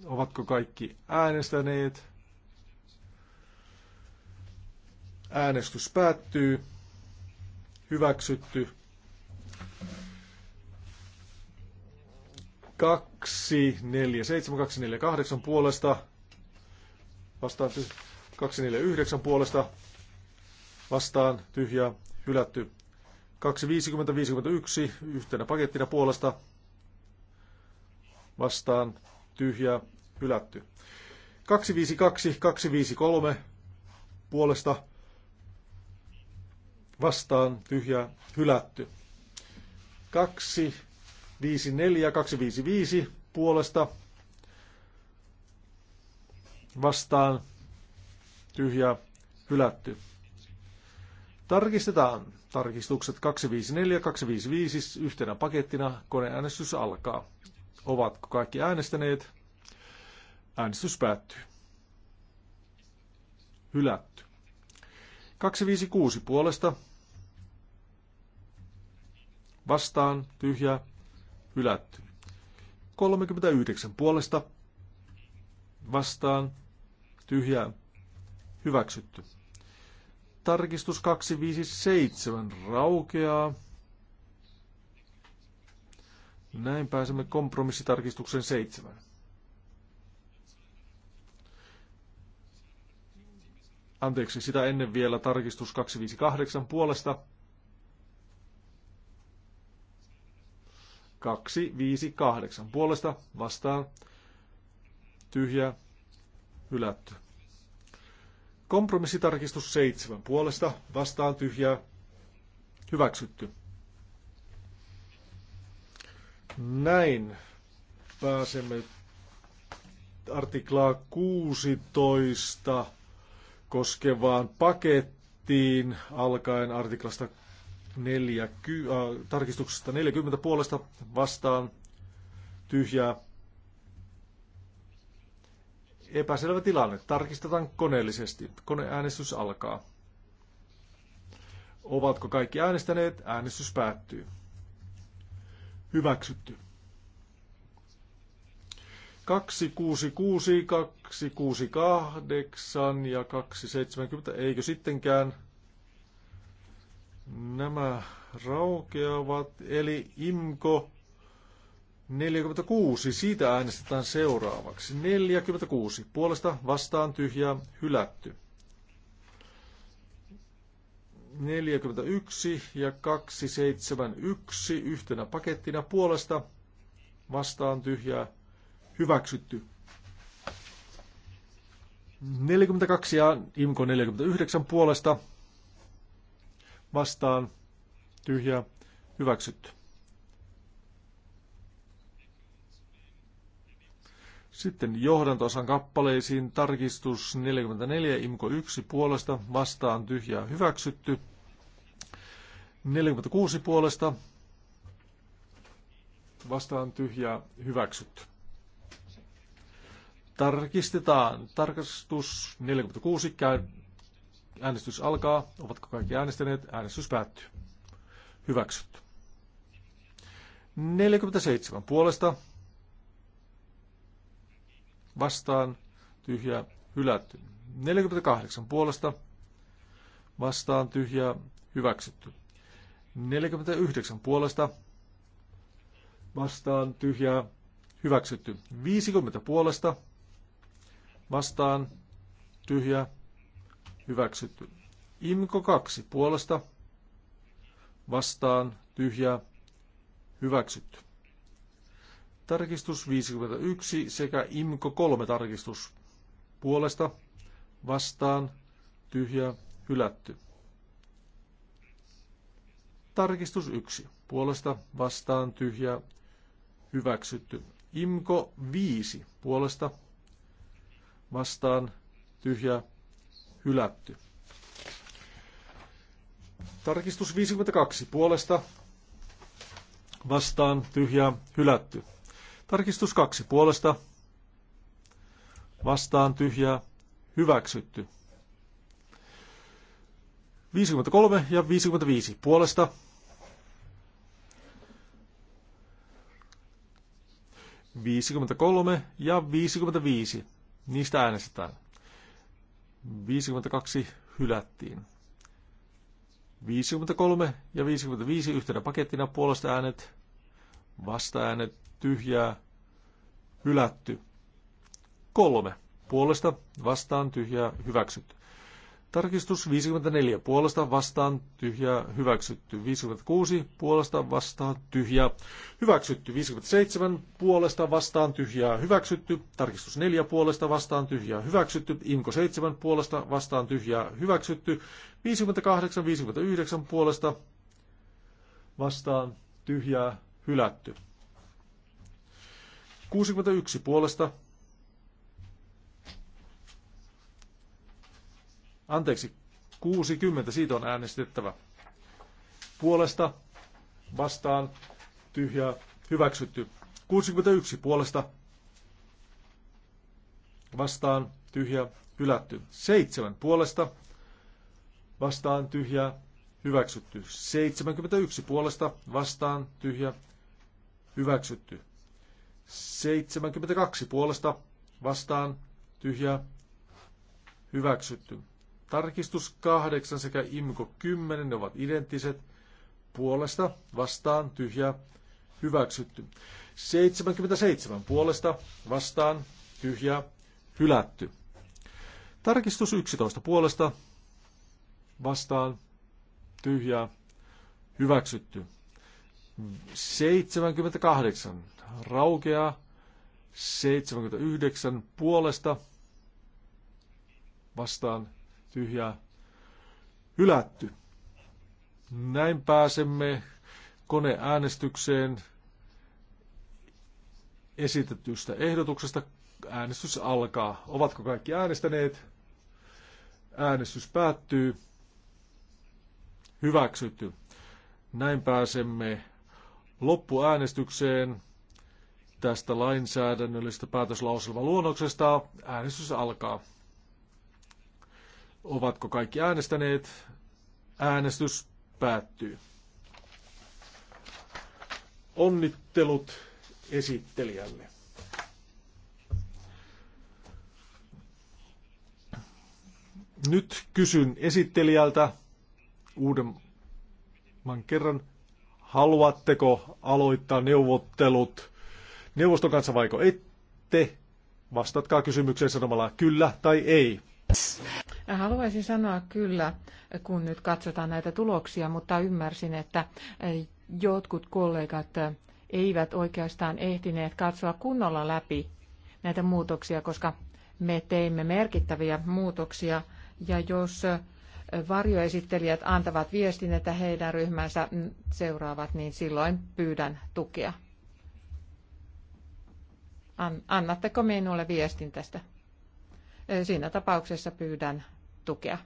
Ovatko kaikki äänestäneet? Äänestys päättyy hyväksytty. kaksi neljä seitsemän kaksi neljä kahdeksan puolesta vastaan Kaksi neljä yhdeksän puolesta vastaan tyhjää hylätty Kaksi viisikymmentä viisikymmentä yksi yhtenä pakettina puolesta vastaan tyhjää hylätty Kaksi kaksi kaksi viisi viisi kolme puolesta vastaan tyhjä hylätty. 254 255 puolesta vastaan tyhjä hylätty. Tarkistetaan. Tarkistukset 254 255 yhtenä pakettina. Koneäänestys alkaa. Ovatko kaikki äänestäneet? Äänestys päättyy. Hylätty. 256 puolesta vastaan, tyhjää, hylätty. 39 puolesta vastaan, tyhjää, hyväksytty. Tarkistus 257 raukeaa. Näin pääsemme kompromissitarkistuksen 7. Anteeksi, sitä ennen vielä tarkistus 258 puolesta 2, 5, 8. Puolesta vastaan tyhjä, hylätty. Kompromissitarkistus 7. Puolesta vastaan tyhjä, hyväksytty. Näin pääsemme artiklaa 16 koskevaan pakettiin alkaen artiklasta neljä, ky, äh, tarkistuksesta 40 puolesta vastaan tyhjää. Epäselvä tilanne. Tarkistetaan koneellisesti. Koneäänestys alkaa. Ovatko kaikki äänestäneet? Äänestys päättyy. Hyväksytty. 266, 268 ja 270, eikö sittenkään? Nämä raukeavat, eli IMKO 46, siitä äänestetään seuraavaksi. 46, puolesta vastaan tyhjää, hylätty. 41 ja 271 yhtenä pakettina puolesta vastaan tyhjää hyväksytty. 42 ja IMKO 49 puolesta vastaan tyhjää hyväksytty. Sitten johdantosan kappaleisiin tarkistus 44 imko 1 puolesta vastaan tyhjää hyväksytty. 46 puolesta vastaan tyhjää hyväksytty. Tarkistetaan. Tarkastus 46. Käy, Äänestys alkaa. Ovatko kaikki äänestäneet? Äänestys päättyy. Hyväksytty. 47 puolesta. Vastaan. Tyhjä. Hylätty. 48 puolesta. Vastaan. Tyhjä. Hyväksytty. 49 puolesta. Vastaan. Tyhjä. Hyväksytty. 50 puolesta. Vastaan. Tyhjä hyväksytty. Imko 2 puolesta vastaan tyhjää hyväksytty. Tarkistus 51 sekä IMKO 3 tarkistus puolesta vastaan tyhjää hylätty. Tarkistus 1 puolesta vastaan tyhjää hyväksytty. IMKO 5 puolesta vastaan tyhjää hylätty. Tarkistus 52 puolesta vastaan tyhjää hylätty. Tarkistus 2 puolesta vastaan tyhjää hyväksytty. 53 ja 55 puolesta Viisikymmentäkolme ja viisikymmentäviisi Niistä äänestetään. 52 hylättiin. 53 ja 55 yhtenä pakettina puolesta äänet, äänet, tyhjää, hylätty. Kolme. Puolesta, vastaan, tyhjää, hyväksytty. Tarkistus 54 puolesta vastaan tyhjä hyväksytty. 56 puolesta vastaan tyhjä hyväksytty. 57 puolesta vastaan tyhjää hyväksytty. Tarkistus 4 puolesta vastaan tyhjää hyväksytty. Imko 7 puolesta vastaan tyhjää hyväksytty. 58, 59 puolesta vastaan tyhjää hylätty. 61 puolesta Anteeksi, 60, siitä on äänestettävä. Puolesta, vastaan, tyhjää, hyväksytty. 61 puolesta, vastaan, tyhjää, hylätty. 7 puolesta, vastaan, tyhjää, hyväksytty. 71 puolesta, vastaan, tyhjä, hyväksytty. 72 puolesta, vastaan, tyhjä, hyväksytty. Tarkistus 8 sekä IMKO 10, ne ovat identtiset. Puolesta, vastaan, tyhjä hyväksytty. 77 puolesta, vastaan, tyhjä hylätty. Tarkistus 11 puolesta, vastaan, tyhjä hyväksytty. 78 raukeaa, 79 puolesta, vastaan, tyhjää hylätty. Näin pääsemme koneäänestykseen esitetystä ehdotuksesta. Äänestys alkaa. Ovatko kaikki äänestäneet? Äänestys päättyy. Hyväksytty. Näin pääsemme loppuäänestykseen tästä lainsäädännöllisestä luonnoksesta. Äänestys alkaa. Ovatko kaikki äänestäneet? Äänestys päättyy. Onnittelut esittelijälle. Nyt kysyn esittelijältä uudemman kerran, haluatteko aloittaa neuvottelut neuvoston kanssa vaiko ette? Vastatkaa kysymykseen sanomalla kyllä tai ei.
Haluaisin sanoa kyllä, kun nyt katsotaan näitä tuloksia, mutta ymmärsin, että jotkut kollegat eivät oikeastaan ehtineet katsoa kunnolla läpi näitä muutoksia, koska me teimme merkittäviä muutoksia. Ja jos varjoesittelijät antavat viestin, että heidän ryhmänsä seuraavat, niin silloin pyydän tukea. Annatteko minulle viestin tästä? Siinä tapauksessa pyydän tukea.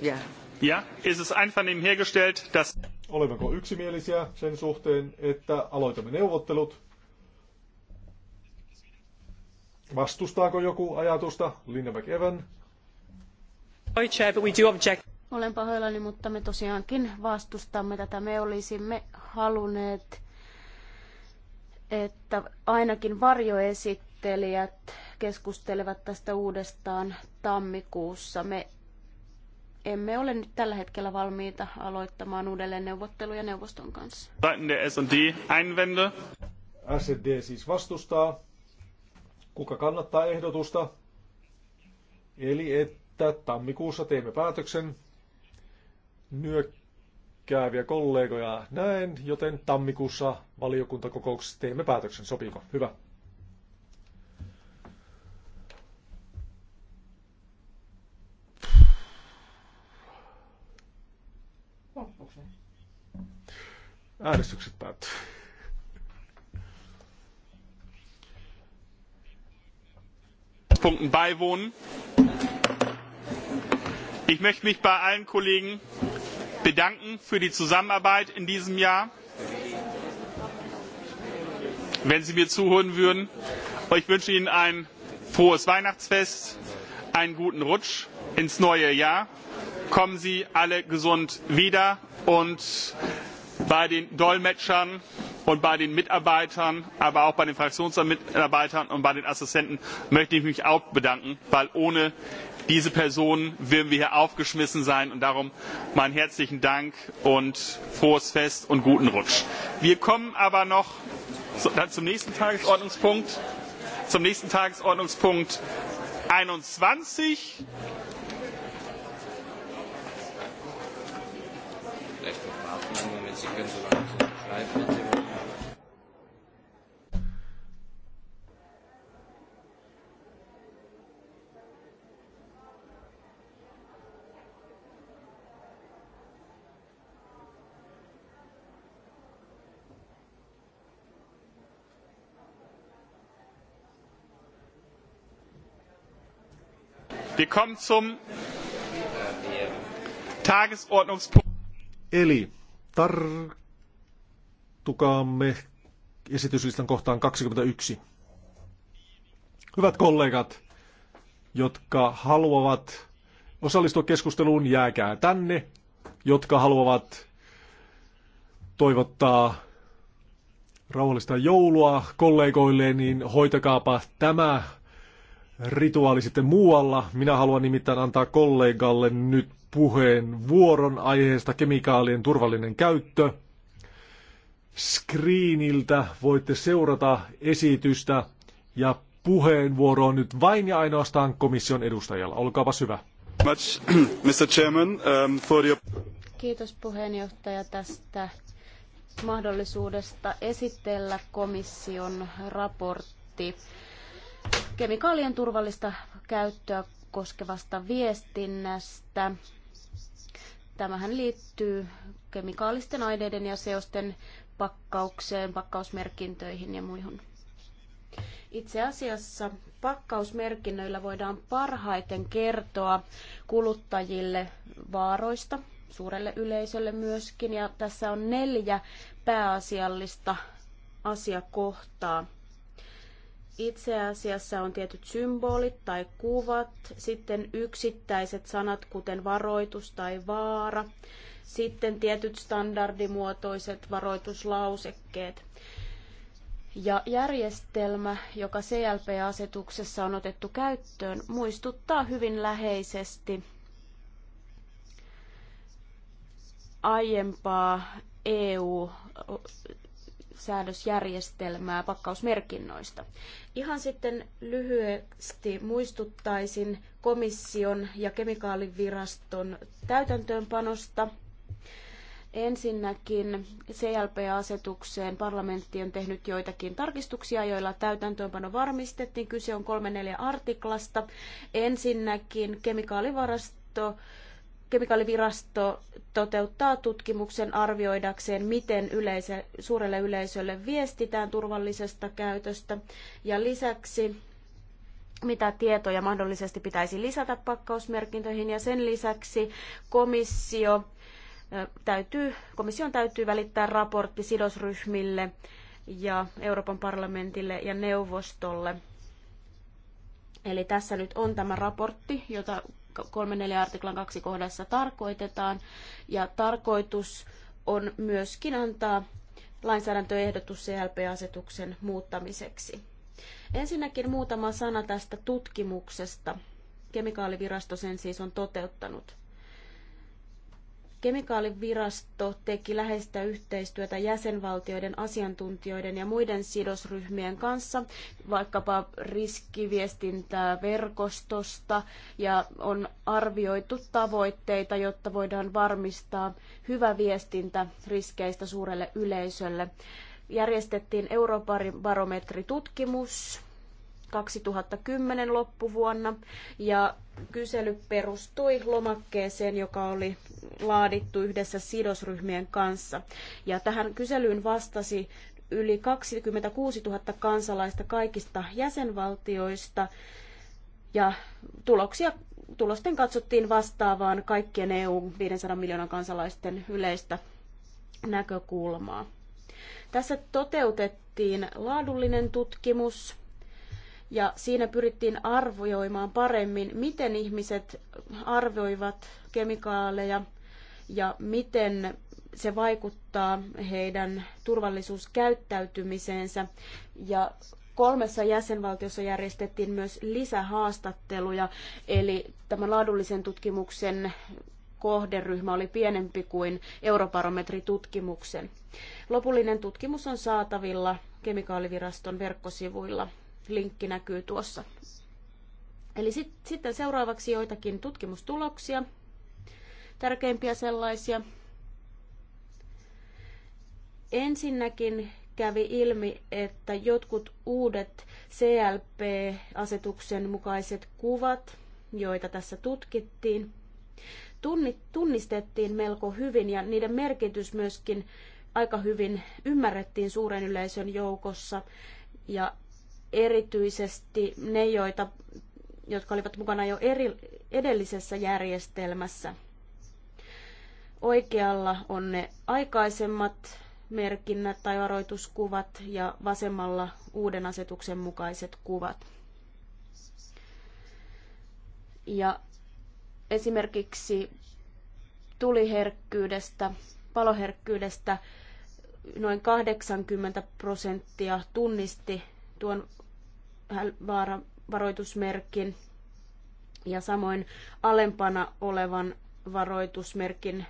Ja,
ja ist es einvernehmen hergestellt, dass...
Olemmeko yksimielisiä sen suhteen, että aloitamme neuvottelut? Vastustaako joku ajatusta? Linda McEvan.
Olen pahoillani, mutta me tosiaankin vastustamme tätä. Me olisimme halunneet, että ainakin varjoesit suunnittelijat keskustelevat tästä uudestaan tammikuussa. Me emme ole nyt tällä hetkellä valmiita aloittamaan uudelleen neuvotteluja neuvoston kanssa.
SD siis vastustaa. Kuka kannattaa ehdotusta? Eli että tammikuussa teemme päätöksen. Nyökkääviä kollegoja näen, joten tammikuussa valiokuntakokouksessa teemme päätöksen. Sopiiko? Hyvä. Äänestykset päättyy.
Punkten beiwohnen. Ich möchte mich bei allen Kollegen bedanken für die Zusammenarbeit in diesem Jahr. Wenn Sie mir zuhören würden, ich wünsche Ihnen ein frohes Weihnachtsfest, einen guten Rutsch ins neue Jahr. Kommen Sie alle gesund wieder und bei den Dolmetschern und bei den Mitarbeitern, aber auch bei den Fraktionsmitarbeitern und bei den Assistenten möchte ich mich auch bedanken, weil ohne diese Personen würden wir hier aufgeschmissen sein. Und darum meinen herzlichen Dank und frohes Fest und guten Rutsch. Wir kommen aber noch zum nächsten Tagesordnungspunkt, zum nächsten Tagesordnungspunkt 21.
si penso tanto.
Wir kommen zum Tagesordnungspunkt.
Eli tarttukaamme esityslistan kohtaan 21. Hyvät kollegat, jotka haluavat osallistua keskusteluun, jääkää tänne. Jotka haluavat toivottaa rauhallista joulua kollegoille, niin hoitakaapa tämä rituaali sitten muualla. Minä haluan nimittäin antaa kollegalle nyt Puheen vuoron aiheesta kemikaalien turvallinen käyttö. Screeniltä voitte seurata esitystä ja puheenvuoro on nyt vain ja ainoastaan komission edustajalla. Olkaapa hyvä. Mr. Chairman, um, for your...
Kiitos puheenjohtaja tästä mahdollisuudesta esitellä komission raportti kemikaalien turvallista käyttöä koskevasta viestinnästä Tämähän liittyy kemikaalisten aineiden ja seosten pakkaukseen, pakkausmerkintöihin ja muihin. Itse asiassa pakkausmerkinnöillä voidaan parhaiten kertoa kuluttajille vaaroista, suurelle yleisölle myöskin, ja tässä on neljä pääasiallista asiakohtaa. Itse asiassa on tietyt symbolit tai kuvat, sitten yksittäiset sanat, kuten varoitus tai vaara, sitten tietyt standardimuotoiset varoituslausekkeet. Ja järjestelmä, joka CLP-asetuksessa on otettu käyttöön, muistuttaa hyvin läheisesti aiempaa EU säädösjärjestelmää pakkausmerkinnoista. Ihan sitten lyhyesti muistuttaisin komission ja kemikaaliviraston täytäntöönpanosta. Ensinnäkin CLP-asetukseen parlamentti on tehnyt joitakin tarkistuksia, joilla täytäntöönpano varmistettiin. Kyse on 3.4 artiklasta. Ensinnäkin kemikaalivarasto kemikaalivirasto toteuttaa tutkimuksen arvioidakseen, miten yleise, suurelle yleisölle viestitään turvallisesta käytöstä. Ja lisäksi, mitä tietoja mahdollisesti pitäisi lisätä pakkausmerkintöihin. Ja sen lisäksi komissio täytyy, komission täytyy välittää raportti sidosryhmille ja Euroopan parlamentille ja neuvostolle Eli tässä nyt on tämä raportti, jota 34 artiklan 2 kohdassa tarkoitetaan. Ja tarkoitus on myöskin antaa lainsäädäntöehdotus CLP-asetuksen muuttamiseksi. Ensinnäkin muutama sana tästä tutkimuksesta. Kemikaalivirasto sen siis on toteuttanut. Kemikaalivirasto teki läheistä yhteistyötä jäsenvaltioiden asiantuntijoiden ja muiden sidosryhmien kanssa, vaikkapa riskiviestintää verkostosta, ja on arvioitu tavoitteita, jotta voidaan varmistaa hyvä viestintä riskeistä suurelle yleisölle. Järjestettiin tutkimus. 2010 loppuvuonna ja kysely perustui lomakkeeseen, joka oli laadittu yhdessä sidosryhmien kanssa. Ja tähän kyselyyn vastasi yli 26 000 kansalaista kaikista jäsenvaltioista ja tuloksia, tulosten katsottiin vastaavaan kaikkien EU 500 miljoonan kansalaisten yleistä näkökulmaa. Tässä toteutettiin laadullinen tutkimus, ja siinä pyrittiin arvioimaan paremmin, miten ihmiset arvioivat kemikaaleja ja miten se vaikuttaa heidän turvallisuuskäyttäytymiseensä. Ja kolmessa jäsenvaltiossa järjestettiin myös lisähaastatteluja, eli tämä laadullisen tutkimuksen kohderyhmä oli pienempi kuin eurobarometritutkimuksen. Lopullinen tutkimus on saatavilla kemikaaliviraston verkkosivuilla linkki näkyy tuossa. Eli sit, sitten seuraavaksi joitakin tutkimustuloksia, tärkeimpiä sellaisia. Ensinnäkin kävi ilmi, että jotkut uudet CLP-asetuksen mukaiset kuvat, joita tässä tutkittiin, tunnistettiin melko hyvin ja niiden merkitys myöskin aika hyvin ymmärrettiin suuren yleisön joukossa ja erityisesti ne, joita, jotka olivat mukana jo eri, edellisessä järjestelmässä. Oikealla on ne aikaisemmat merkinnät tai varoituskuvat ja vasemmalla uuden asetuksen mukaiset kuvat. Ja esimerkiksi tuliherkkyydestä, paloherkkyydestä noin 80 prosenttia tunnisti tuon vaara, varoitusmerkin ja samoin alempana olevan varoitusmerkin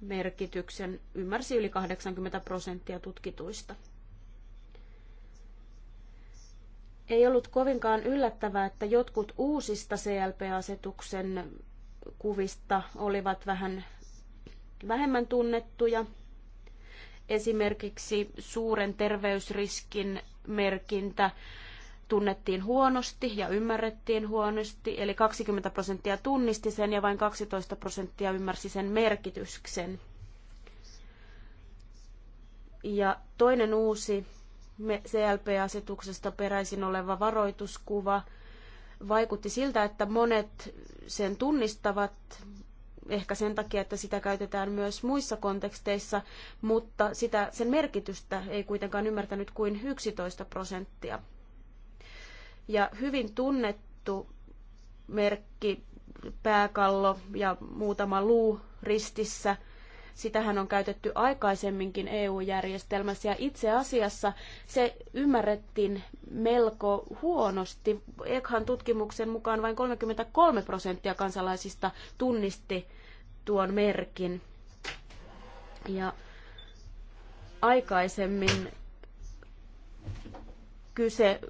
merkityksen ymmärsi yli 80 prosenttia tutkituista. Ei ollut kovinkaan yllättävää, että jotkut uusista CLP-asetuksen kuvista olivat vähän vähemmän tunnettuja. Esimerkiksi suuren terveysriskin merkintä tunnettiin huonosti ja ymmärrettiin huonosti, eli 20 prosenttia tunnisti sen ja vain 12 prosenttia ymmärsi sen merkityksen. Ja toinen uusi CLP-asetuksesta peräisin oleva varoituskuva vaikutti siltä, että monet sen tunnistavat, ehkä sen takia, että sitä käytetään myös muissa konteksteissa, mutta sitä, sen merkitystä ei kuitenkaan ymmärtänyt kuin 11 prosenttia. Ja hyvin tunnettu merkki, pääkallo ja muutama luu ristissä, sitähän on käytetty aikaisemminkin EU-järjestelmässä ja itse asiassa se ymmärrettiin melko huonosti. Ekhan tutkimuksen mukaan vain 33 prosenttia kansalaisista tunnisti tuon merkin. Ja aikaisemmin kyse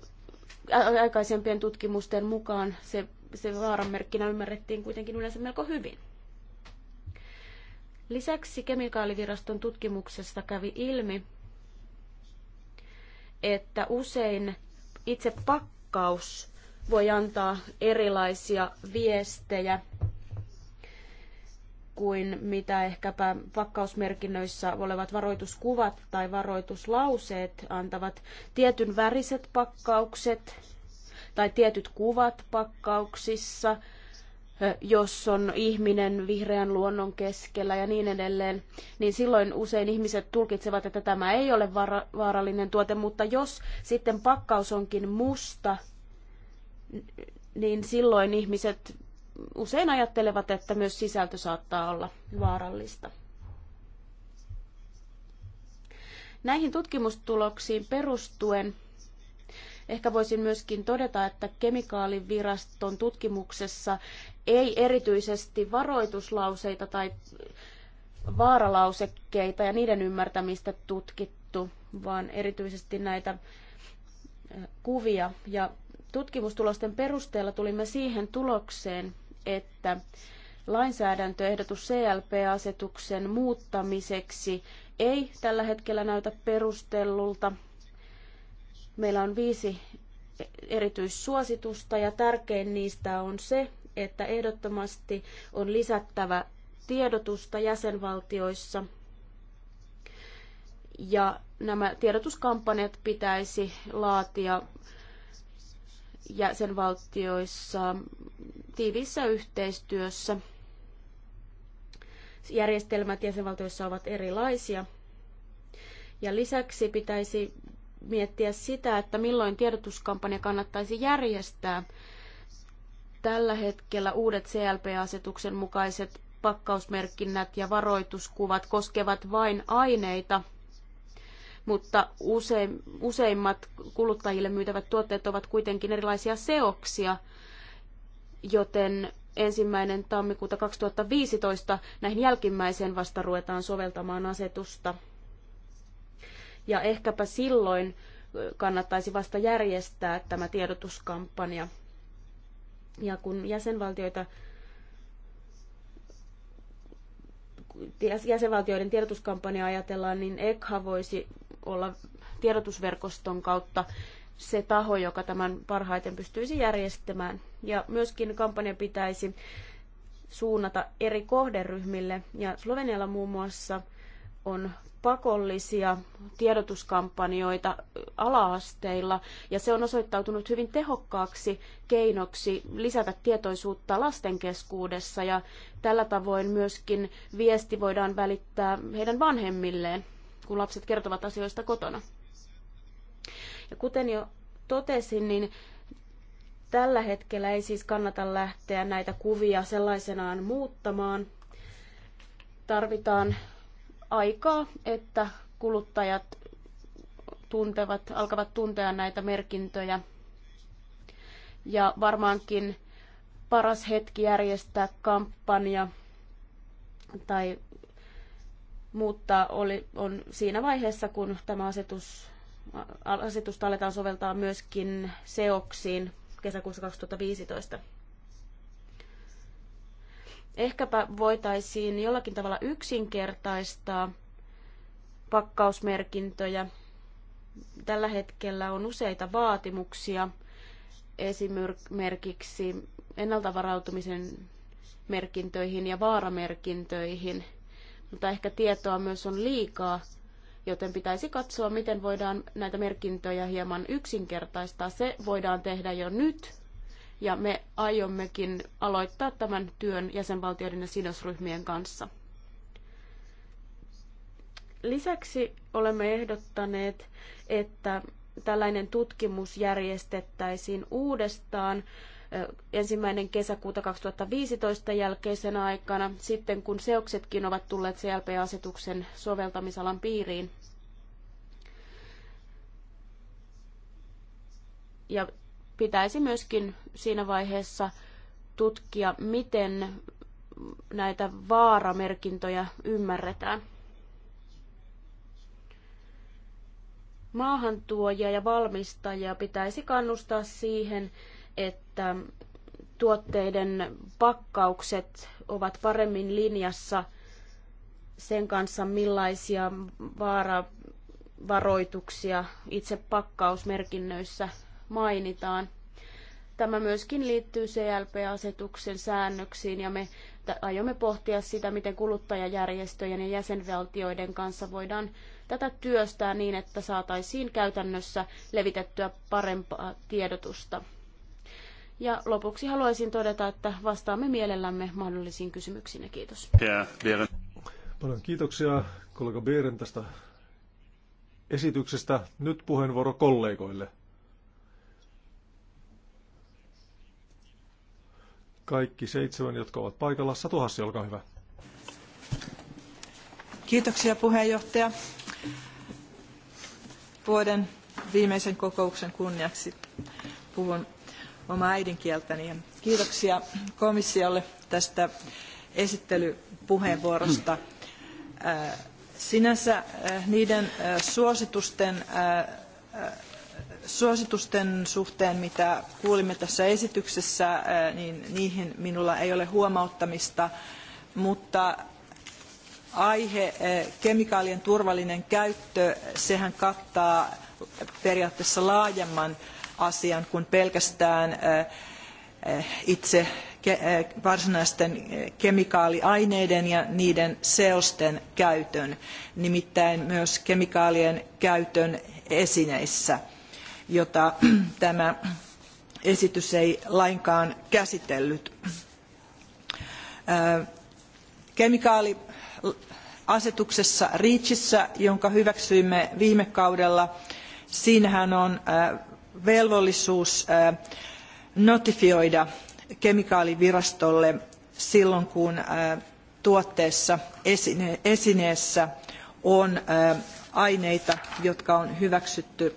aikaisempien tutkimusten mukaan se, se vaaranmerkkinä ymmärrettiin kuitenkin yleensä melko hyvin. Lisäksi kemikaaliviraston tutkimuksessa kävi ilmi, että usein itse pakkaus voi antaa erilaisia viestejä kuin mitä ehkäpä pakkausmerkinnöissä olevat varoituskuvat tai varoituslauseet antavat. Tietyn väriset pakkaukset tai tietyt kuvat pakkauksissa, jos on ihminen vihreän luonnon keskellä ja niin edelleen, niin silloin usein ihmiset tulkitsevat, että tämä ei ole vaarallinen tuote, mutta jos sitten pakkaus onkin musta, niin silloin ihmiset usein ajattelevat, että myös sisältö saattaa olla vaarallista. Näihin tutkimustuloksiin perustuen ehkä voisin myöskin todeta, että kemikaaliviraston tutkimuksessa ei erityisesti varoituslauseita tai vaaralausekkeita ja niiden ymmärtämistä tutkittu, vaan erityisesti näitä eh, kuvia. Ja tutkimustulosten perusteella tulimme siihen tulokseen, että lainsäädäntöehdotus CLP-asetuksen muuttamiseksi ei tällä hetkellä näytä perustellulta. Meillä on viisi erityissuositusta ja tärkein niistä on se, että ehdottomasti on lisättävä tiedotusta jäsenvaltioissa ja nämä tiedotuskampanjat pitäisi laatia jäsenvaltioissa tiiviissä yhteistyössä. Järjestelmät jäsenvaltioissa ovat erilaisia. Ja lisäksi pitäisi miettiä sitä, että milloin tiedotuskampanja kannattaisi järjestää. Tällä hetkellä uudet CLP-asetuksen mukaiset pakkausmerkinnät ja varoituskuvat koskevat vain aineita – mutta usein, useimmat kuluttajille myytävät tuotteet ovat kuitenkin erilaisia seoksia, joten ensimmäinen tammikuuta 2015 näihin jälkimmäiseen vasta ruvetaan soveltamaan asetusta. Ja ehkäpä silloin kannattaisi vasta järjestää tämä tiedotuskampanja. Ja kun jäsenvaltioita jäsenvaltioiden tiedotuskampanja ajatellaan, niin ECHA voisi olla tiedotusverkoston kautta se taho, joka tämän parhaiten pystyisi järjestämään. Ja myöskin kampanja pitäisi suunnata eri kohderyhmille. Ja Slovenialla muun muassa on pakollisia tiedotuskampanjoita alaasteilla ja se on osoittautunut hyvin tehokkaaksi keinoksi lisätä tietoisuutta lasten keskuudessa ja tällä tavoin myöskin viesti voidaan välittää heidän vanhemmilleen kun lapset kertovat asioista kotona. Ja kuten jo totesin, niin tällä hetkellä ei siis kannata lähteä näitä kuvia sellaisenaan muuttamaan. Tarvitaan aikaa, että kuluttajat tuntevat, alkavat tuntea näitä merkintöjä. Ja varmaankin paras hetki järjestää kampanja tai mutta oli, on siinä vaiheessa, kun tämä asetus, asetusta aletaan soveltaa myöskin seoksiin kesäkuussa 2015. Ehkäpä voitaisiin jollakin tavalla yksinkertaistaa pakkausmerkintöjä. Tällä hetkellä on useita vaatimuksia, esimerkiksi ennaltavarautumisen merkintöihin ja vaaramerkintöihin – mutta ehkä tietoa myös on liikaa, joten pitäisi katsoa, miten voidaan näitä merkintöjä hieman yksinkertaistaa. Se voidaan tehdä jo nyt, ja me aiommekin aloittaa tämän työn jäsenvaltioiden ja sidosryhmien kanssa. Lisäksi olemme ehdottaneet, että tällainen tutkimus järjestettäisiin uudestaan ensimmäinen kesäkuuta 2015 jälkeisenä aikana, sitten kun seoksetkin ovat tulleet CLP-asetuksen soveltamisalan piiriin. Ja pitäisi myöskin siinä vaiheessa tutkia, miten näitä vaaramerkintöjä ymmärretään. Maahantuojia ja valmistajia pitäisi kannustaa siihen, että tuotteiden pakkaukset ovat paremmin linjassa sen kanssa, millaisia vaaravaroituksia itse pakkausmerkinnöissä mainitaan. Tämä myöskin liittyy CLP-asetuksen säännöksiin ja me aiomme pohtia sitä, miten kuluttajajärjestöjen ja jäsenvaltioiden kanssa voidaan tätä työstää niin, että saataisiin käytännössä levitettyä parempaa tiedotusta. Ja lopuksi haluaisin todeta, että vastaamme mielellämme mahdollisiin kysymyksiin ja kiitos.
Paljon kiitoksia kollega Beeren tästä esityksestä. Nyt puheenvuoro kollegoille. Kaikki seitsemän, jotka ovat paikalla. Satu Hassi, olkaa hyvä.
Kiitoksia puheenjohtaja. Vuoden viimeisen kokouksen kunniaksi puhun omaa äidinkieltäni. Ja kiitoksia komissiolle tästä esittelypuheenvuorosta. Äh, sinänsä äh, niiden äh, suositusten, suositusten suhteen, mitä kuulimme tässä esityksessä, niin niihin minulla ei ole huomauttamista, mutta aihe kemikaalien turvallinen käyttö, sehän kattaa periaatteessa laajemman asian kuin pelkästään itse varsinaisten kemikaaliaineiden ja niiden seosten käytön, nimittäin myös kemikaalien käytön esineissä, jota tämä esitys ei lainkaan käsitellyt. Kemikaaliasetuksessa reachissä jonka hyväksyimme viime kaudella, on velvollisuus notifioida kemikaalivirastolle silloin, kun tuotteessa, esineessä on aineita, jotka on hyväksytty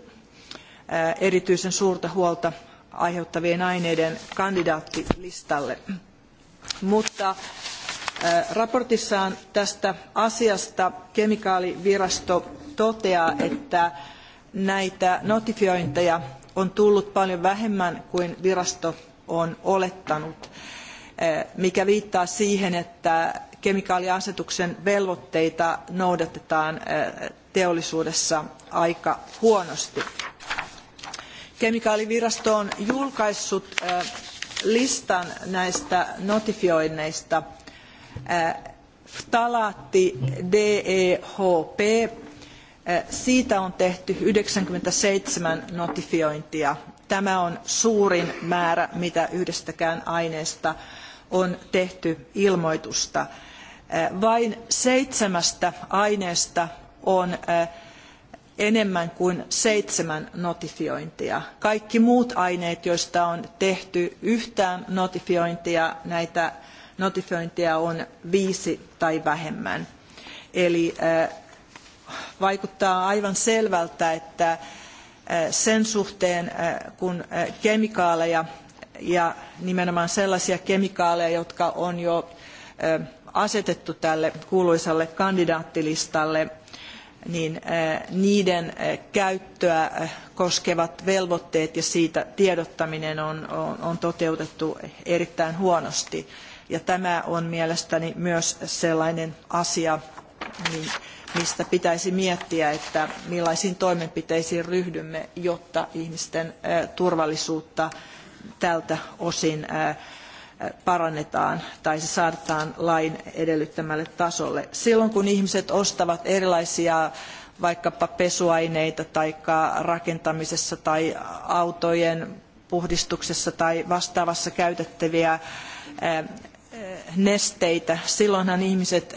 erityisen suurta huolta aiheuttavien aineiden kandidaattilistalle. Mutta raportissaan tästä asiasta kemikaalivirasto toteaa, että näitä notifiointeja on tullut paljon vähemmän kuin virasto on olettanut eh, mikä viittaa siihen että kemikaaliasetuksen velvoitteita noudatetaan eh, teollisuudessa aika huonosti. kemikaalivirasto on julkaissut eh, listan näistä notifioinneista ftalaatti DEHP. Siitä on tehty 97 notifiointia. Tämä on suurin määrä, mitä yhdestäkään aineesta on tehty ilmoitusta. Vain seitsemästä aineesta on enemmän kuin seitsemän notifiointia. Kaikki muut aineet, joista on tehty yhtään notifiointia, näitä notifiointia on viisi tai vähemmän. Eli vaikuttaa aivan selvältä, että äh, sen suhteen, äh, kun äh, kemikaaleja ja nimenomaan sellaisia kemikaaleja, jotka on jo asetettu tälle kuuluisalle kandidaattilistalle, niin niiden käyttöä koskevat velvoitteet ja siitä tiedottaminen on, on toteutettu erittäin huonosti. Ja tämä on mielestäni myös sellainen asia, niin mistä pitäisi miettiä, että millaisiin toimenpiteisiin ryhdymme, jotta ihmisten turvallisuutta tältä osin parannetaan tai se saadaan lain edellyttämälle tasolle. Silloin kun ihmiset ostavat erilaisia vaikkapa pesuaineita tai rakentamisessa tai autojen puhdistuksessa tai vastaavassa käytettäviä nesteitä, silloinhan ihmiset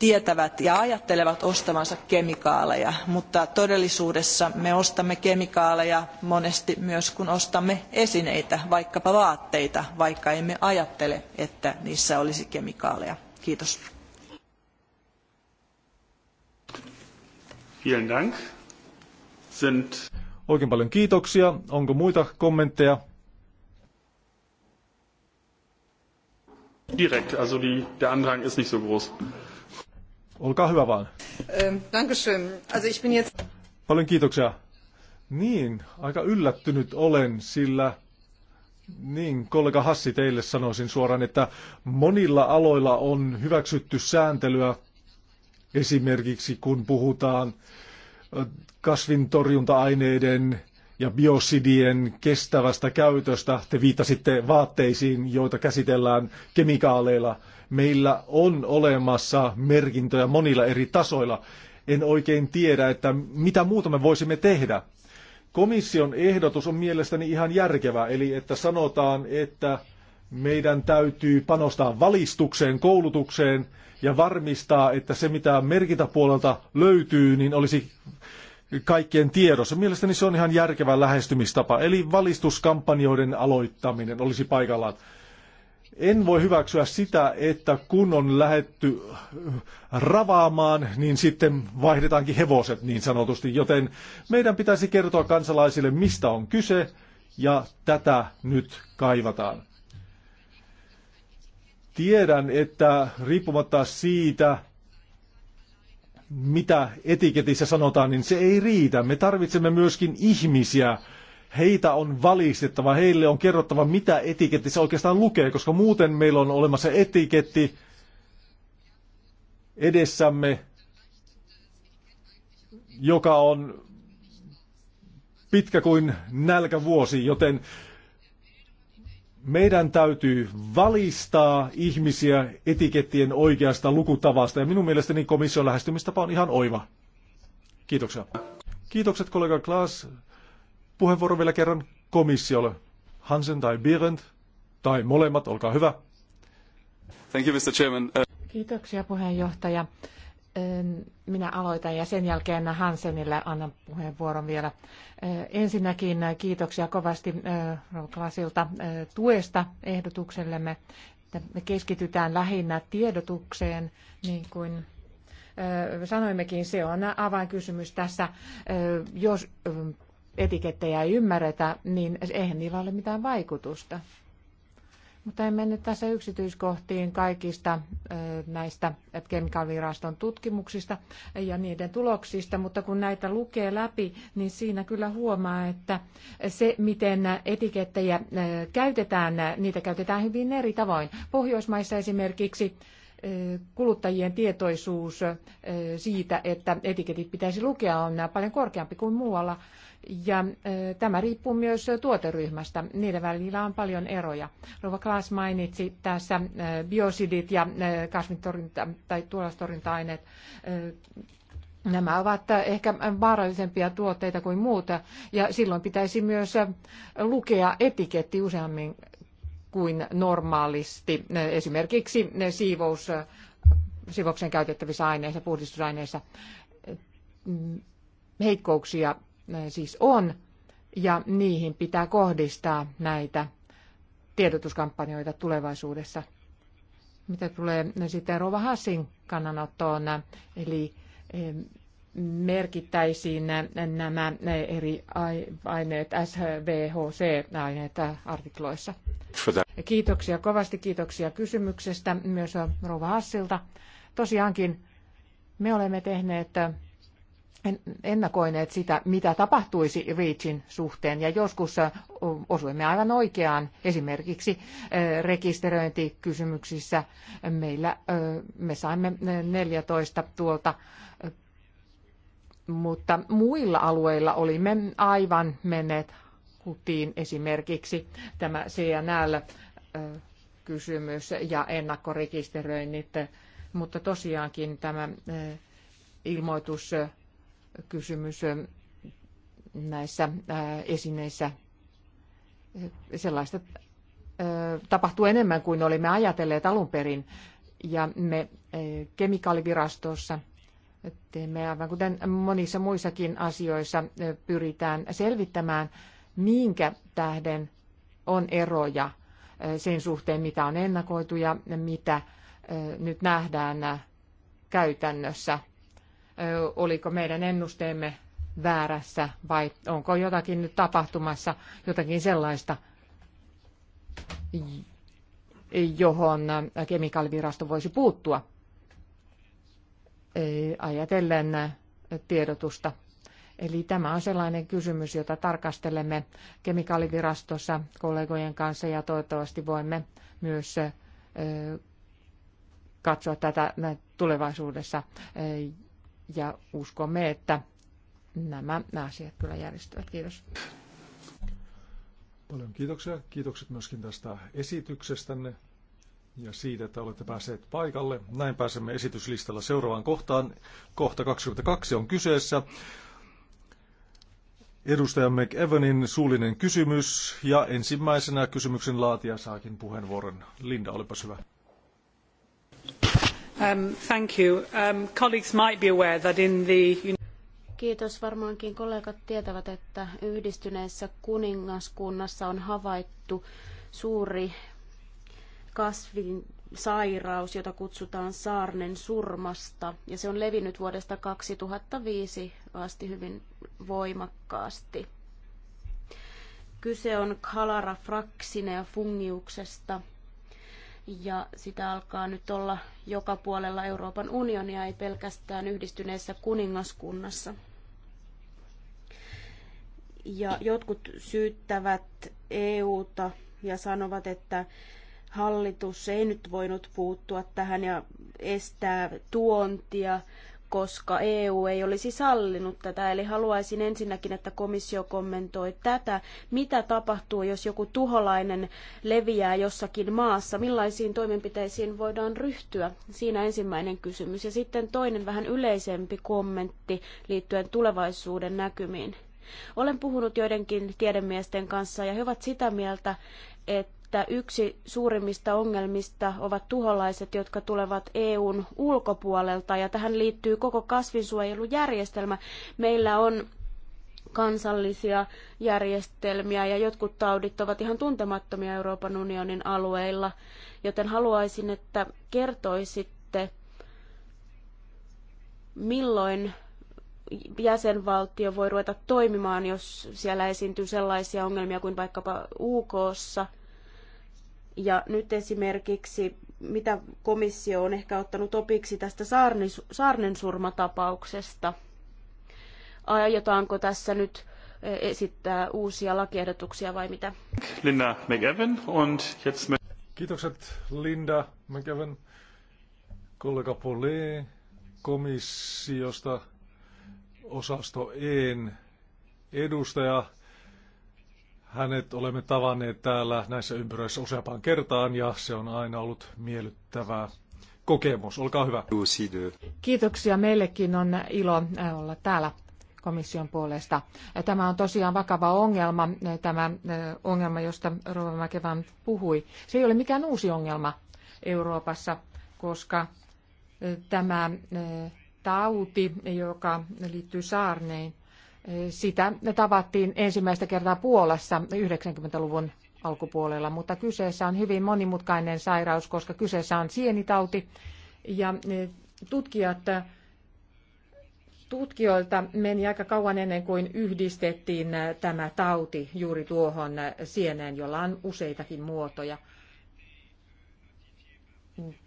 tietävät ja ajattelevat ostavansa kemikaaleja, mutta todellisuudessa me ostamme kemikaaleja monesti myös kun ostamme esineitä, vaikkapa vaatteita, vaikka emme ajattele, että niissä olisi kemikaaleja. Kiitos.
Vielen Dank.
Sind... Oikein paljon kiitoksia. Onko muita kommentteja?
Direkt, also die, der Andrang ist nicht so groß.
Olkaa hyvä vaan.
Ähm, dankeschön. Also ich bin
jetzt... Paljon kiitoksia. Niin, aika yllättynyt olen, sillä niin, kollega Hassi teille sanoisin suoraan, että monilla aloilla on hyväksytty sääntelyä, esimerkiksi kun puhutaan kasvintorjunta-aineiden ja biosidien kestävästä käytöstä. Te viittasitte vaatteisiin, joita käsitellään kemikaaleilla – Meillä on olemassa merkintöjä monilla eri tasoilla. En oikein tiedä, että mitä muuta me voisimme tehdä. Komission ehdotus on mielestäni ihan järkevä, eli että sanotaan, että meidän täytyy panostaa valistukseen, koulutukseen ja varmistaa, että se mitä merkintäpuolelta löytyy, niin olisi kaikkien tiedossa. Mielestäni se on ihan järkevä lähestymistapa. Eli valistuskampanjoiden aloittaminen olisi paikallaan. En voi hyväksyä sitä, että kun on lähetty ravaamaan, niin sitten vaihdetaankin hevoset niin sanotusti, joten meidän pitäisi kertoa kansalaisille, mistä on kyse, ja tätä nyt kaivataan. Tiedän, että riippumatta siitä, mitä etiketissä sanotaan, niin se ei riitä. Me tarvitsemme myöskin ihmisiä, heitä on valistettava, heille on kerrottava, mitä se oikeastaan lukee, koska muuten meillä on olemassa etiketti edessämme, joka on pitkä kuin nälkävuosi, joten meidän täytyy valistaa ihmisiä etikettien oikeasta lukutavasta, ja minun mielestäni komission lähestymistapa on ihan oiva. Kiitoksia. Kiitokset kollega Klaas puheenvuoro vielä kerran komissiolle. Hansen tai Birent, tai molemmat, olkaa hyvä. Thank you, Mr. Chairman. Uh,
kiitoksia puheenjohtaja. Minä aloitan ja sen jälkeen Hansenille annan puheenvuoron vielä. Eh, ensinnäkin kiitoksia kovasti eh, Rouklasilta eh, tuesta ehdotuksellemme. Me keskitytään lähinnä tiedotukseen, niin kuin sanoimmekin, se on avainkysymys tässä. Jos etikettejä ei ymmärretä, niin eihän niillä ole mitään vaikutusta. Mutta en mennyt tässä yksityiskohtiin kaikista näistä kemikaaliviraston tutkimuksista ja niiden tuloksista, mutta kun näitä lukee läpi, niin siinä kyllä huomaa, että se, miten etikettejä käytetään, niitä käytetään hyvin eri tavoin. Pohjoismaissa esimerkiksi kuluttajien tietoisuus siitä, että etiketit pitäisi lukea, on paljon korkeampi kuin muualla. Ja tämä riippuu myös tuoteryhmästä. Niiden välillä on paljon eroja. Rova Klaas mainitsi tässä biosidit ja kasvintorjunta- tai tuolastorjunta-aineet. Nämä ovat ehkä vaarallisempia tuotteita kuin muuta, ja silloin pitäisi myös lukea etiketti useammin kuin normaalisti, esimerkiksi siivous, siivouksen käytettävissä aineissa, puhdistusaineissa heikkouksia siis on, ja niihin pitää kohdistaa näitä tiedotuskampanjoita tulevaisuudessa. Mitä tulee sitten Rova Hassin kannanottoon, eli merkittäisiin nämä eri aineet, SVHC-aineet artikloissa. Kiitoksia kovasti, kiitoksia kysymyksestä myös Rova Hassilta. Tosiaankin me olemme tehneet ennakoineet sitä, mitä tapahtuisi REACHin suhteen, ja joskus osuimme aivan oikeaan. Esimerkiksi eh, rekisteröintikysymyksissä meillä, eh, me saimme 14 eh, tuolta mutta muilla alueilla olimme aivan menneet hutiin esimerkiksi tämä CNL-kysymys ja ennakkorekisteröinnit, mutta tosiaankin tämä ilmoituskysymys näissä esineissä sellaista tapahtuu enemmän kuin olimme ajatelleet alun perin. Ja me kemikaalivirastossa teemme aivan kuten monissa muissakin asioissa pyritään selvittämään, minkä tähden on eroja sen suhteen, mitä on ennakoitu ja mitä nyt nähdään käytännössä. Oliko meidän ennusteemme väärässä vai onko jotakin nyt tapahtumassa, jotakin sellaista, johon kemikaalivirasto voisi puuttua ajatellen tiedotusta. Eli tämä on sellainen kysymys, jota tarkastelemme kemikaalivirastossa kollegojen kanssa ja toivottavasti voimme myös katsoa tätä tulevaisuudessa ja uskomme, että nämä, asiat kyllä järjestyvät. Kiitos.
Paljon kiitoksia. Kiitokset myöskin tästä esityksestänne ja siitä, että olette päässeet paikalle. Näin pääsemme esityslistalla seuraavaan kohtaan. Kohta 22 on kyseessä. Edustaja McEvanin suullinen kysymys ja ensimmäisenä kysymyksen laatija saakin puheenvuoron. Linda, olipas hyvä.
Um, thank you. Um, colleagues might be aware that in the...
Kiitos. Varmaankin kollegat tietävät, että yhdistyneessä kuningaskunnassa on havaittu suuri kasvin sairaus, jota kutsutaan saarnen surmasta, ja se on levinnyt vuodesta 2005 asti hyvin voimakkaasti. Kyse on Kalara ja fungiuksesta, ja sitä alkaa nyt olla joka puolella Euroopan unionia, ei pelkästään yhdistyneessä kuningaskunnassa. Ja jotkut syyttävät EUta ja sanovat, että Hallitus ei nyt voinut puuttua tähän ja estää tuontia, koska EU ei olisi sallinut tätä. Eli haluaisin ensinnäkin, että komissio kommentoi tätä. Mitä tapahtuu, jos joku tuholainen leviää jossakin maassa? Millaisiin toimenpiteisiin voidaan ryhtyä? Siinä ensimmäinen kysymys. Ja sitten toinen vähän yleisempi kommentti liittyen tulevaisuuden näkymiin. Olen puhunut joidenkin tiedemiesten kanssa ja he ovat sitä mieltä, että että yksi suurimmista ongelmista ovat tuholaiset, jotka tulevat EUn ulkopuolelta, ja tähän liittyy koko kasvinsuojelujärjestelmä. Meillä on kansallisia järjestelmiä ja jotkut taudit ovat ihan tuntemattomia Euroopan unionin alueilla, joten haluaisin, että kertoisitte, milloin jäsenvaltio voi ruveta toimimaan, jos siellä esiintyy sellaisia ongelmia kuin vaikkapa UKssa – ja nyt esimerkiksi, mitä komissio on ehkä ottanut opiksi tästä Saarnen surmatapauksesta? Aiotaanko tässä nyt e, esittää uusia lakiehdotuksia vai mitä?
Linda
McEwen und jetzt... Kiitokset Linda McEwen, kollega Pole komissiosta osasto EEN edustaja. Hänet olemme tavanneet täällä näissä ympyröissä useampaan kertaan ja se on aina ollut miellyttävää kokemus. Olkaa hyvä.
Kiitoksia. Meillekin on ilo äh, olla täällä komission puolesta. Äh, tämä on tosiaan vakava ongelma, äh, tämä ongelma, josta Rova Mäkevän puhui. Se ei ole mikään uusi ongelma Euroopassa, koska tämä tauti, joka liittyy saarneen, sitä tavattiin ensimmäistä kertaa Puolassa 90-luvun alkupuolella, mutta kyseessä on hyvin monimutkainen sairaus, koska kyseessä on sienitauti. Ja e, tutkijat, tutkijoilta meni aika kauan ennen kuin yhdistettiin tämä tauti juuri tuohon sieneen, jolla on useitakin muotoja.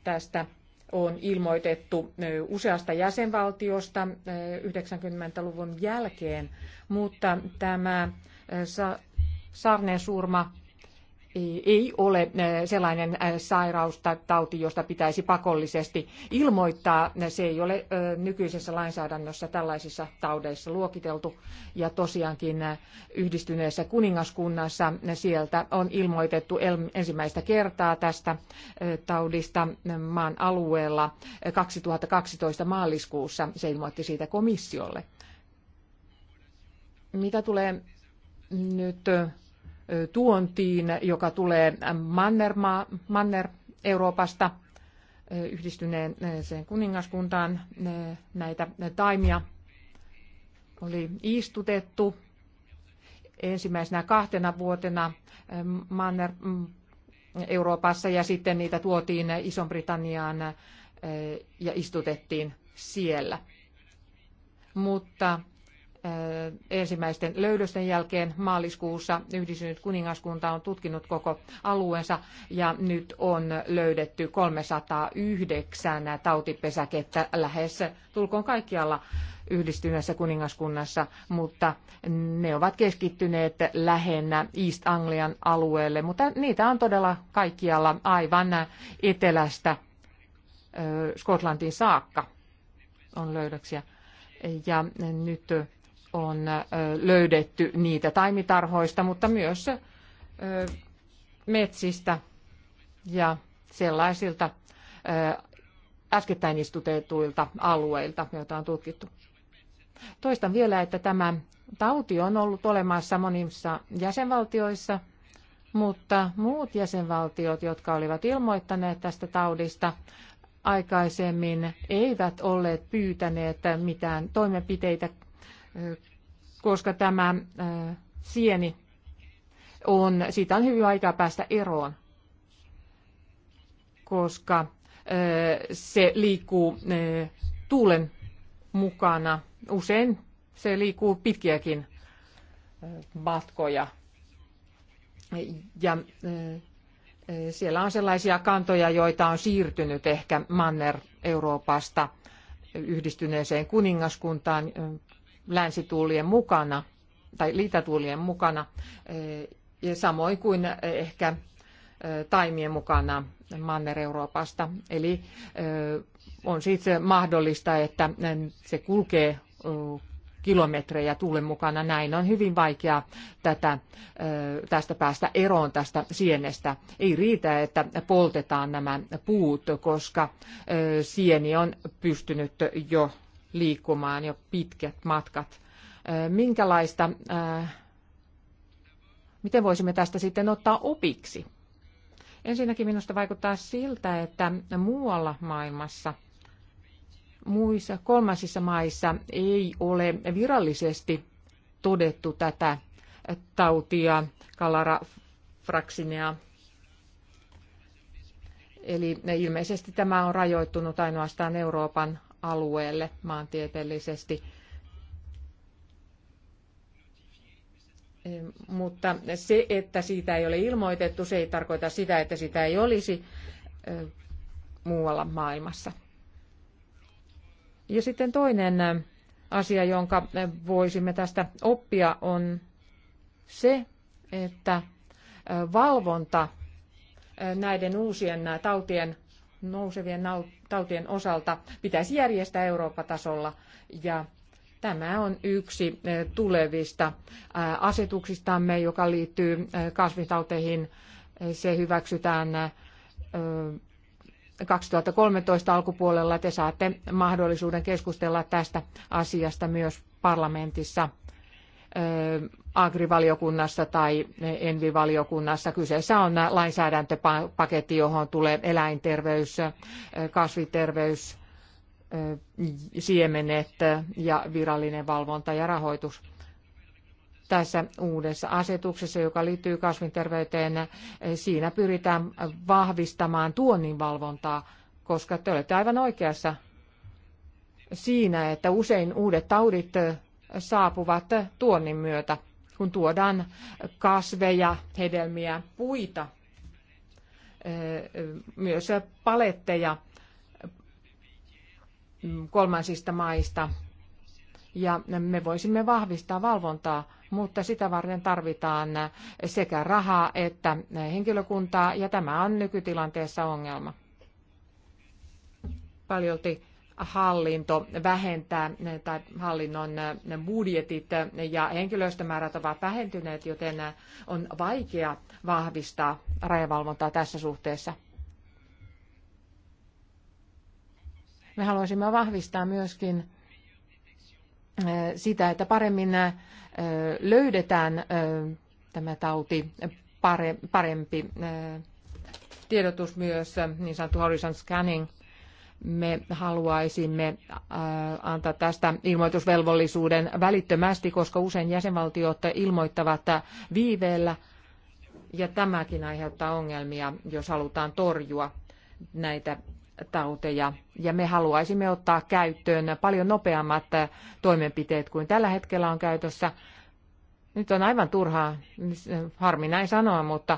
Tästä on ilmoitettu useasta jäsenvaltiosta 90-luvun jälkeen, mutta tämä Sarnen surma ei ole eh, sellainen eh, sairaus tai tauti, josta pitäisi pakollisesti ilmoittaa. Se ei ole eh, nykyisessä lainsäädännössä tällaisissa taudeissa luokiteltu. Ja tosiaankin yhdistyneessä kuningaskunnassa sieltä on ilmoitettu ensimmäistä kertaa tästä taudista maan alueella 2012 maaliskuussa. Se ilmoitti siitä komissiolle. Mitä tulee nyt tuontiin, joka tulee Mannermaa, Manner Euroopasta yhdistyneen sen kuningaskuntaan näitä taimia oli istutettu ensimmäisenä kahtena vuotena Manner mm, Euroopassa ja sitten niitä tuotiin Iso-Britanniaan ja istutettiin siellä. Mutta ensimmäisten löydösten jälkeen maaliskuussa Yhdistynyt kuningaskunta on tutkinut koko alueensa ja nyt on löydetty 309 tautipesäkettä lähes tulkoon kaikkialla yhdistyneessä kuningaskunnassa, mutta ne ovat keskittyneet lähennä East Anglian alueelle, mutta niitä on todella kaikkialla aivan etelästä Skotlantiin saakka on löydöksiä. Ja nyt on löydetty niitä taimitarhoista, mutta myös metsistä ja sellaisilta äskettäin istutetuilta alueilta, joita on tutkittu. Toistan vielä, että tämä tauti on ollut olemassa monissa jäsenvaltioissa, mutta muut jäsenvaltiot, jotka olivat ilmoittaneet tästä taudista aikaisemmin, eivät olleet pyytäneet mitään toimenpiteitä koska tämä äh, sieni on, siitä on hyvin aikaa päästä eroon, koska äh, se liikkuu äh, tuulen mukana. Usein se liikkuu pitkiäkin matkoja. Ja siellä on sellaisia kantoja, joita on siirtynyt ehkä Manner-Euroopasta yhdistyneeseen kuningaskuntaan länsituulien mukana tai liitatuulien mukana, eh, ja samoin kuin eh, ehkä eh, taimien mukana Manner-Euroopasta. Eli on siis mahdollista, että se kulkee kilometrejä tuulen mukana. Näin on hyvin vaikea tätä, tästä päästä eroon tästä sienestä. Ei riitä, että poltetaan nämä puut, koska sieni on pystynyt jo liikkumaan jo pitkät matkat. Äh, minkälaista, äh, miten voisimme tästä sitten ottaa opiksi? Ensinnäkin minusta vaikuttaa siltä, että muualla maailmassa muissa kolmansissa maissa ei ole virallisesti todettu tätä tautia, fraksinea. Eli ilmeisesti tämä on rajoittunut ainoastaan Euroopan alueelle maantieteellisesti. Mutta se, että siitä ei ole ilmoitettu, se ei tarkoita sitä, että sitä ei olisi muualla maailmassa. Ja sitten toinen asia, jonka voisimme tästä oppia, on se, että valvonta näiden uusien tautien, nousevien tautien osalta pitäisi järjestää Euroopan tasolla ja Tämä on yksi eh, tulevista eh, asetuksistamme, joka liittyy eh, kasvitauteihin. Se hyväksytään 2013 alkupuolella. Te saatte mahdollisuuden keskustella tästä asiasta myös parlamentissa agrivaliokunnassa tai envivaliokunnassa. Kyseessä on lainsäädäntöpaketti, johon tulee eläinterveys, kasviterveys, siemenet ja virallinen valvonta ja rahoitus. Tässä uudessa asetuksessa, joka liittyy kasvinterveyteen, siinä pyritään vahvistamaan tuonnin valvontaa, koska te olette aivan oikeassa siinä, että usein uudet taudit saapuvat tuonnin myötä kun tuodaan kasveja, hedelmiä, puita, myös paletteja kolmansista maista. Ja me voisimme vahvistaa valvontaa, mutta sitä varten tarvitaan sekä rahaa että henkilökuntaa, ja tämä on nykytilanteessa ongelma. Paljolti hallinto vähentää tai hallinnon äh, budjetit äh, ja henkilöstömäärät ovat vähentyneet, joten äh, on vaikea vahvistaa rajavalvontaa tässä suhteessa. Me haluaisimme vahvistaa myöskin sitä, että paremmin löydetään tämä tauti, parempi tiedotus myös, niin sanottu horizon scanning – me haluaisimme äh, antaa tästä ilmoitusvelvollisuuden välittömästi, koska usein jäsenvaltiot ilmoittavat viiveellä ja tämäkin aiheuttaa ongelmia, jos halutaan torjua näitä tauteja. Ja me haluaisimme ottaa käyttöön paljon nopeammat toimenpiteet kuin tällä hetkellä on käytössä. Nyt on aivan turhaa, harmi näin sanoa, mutta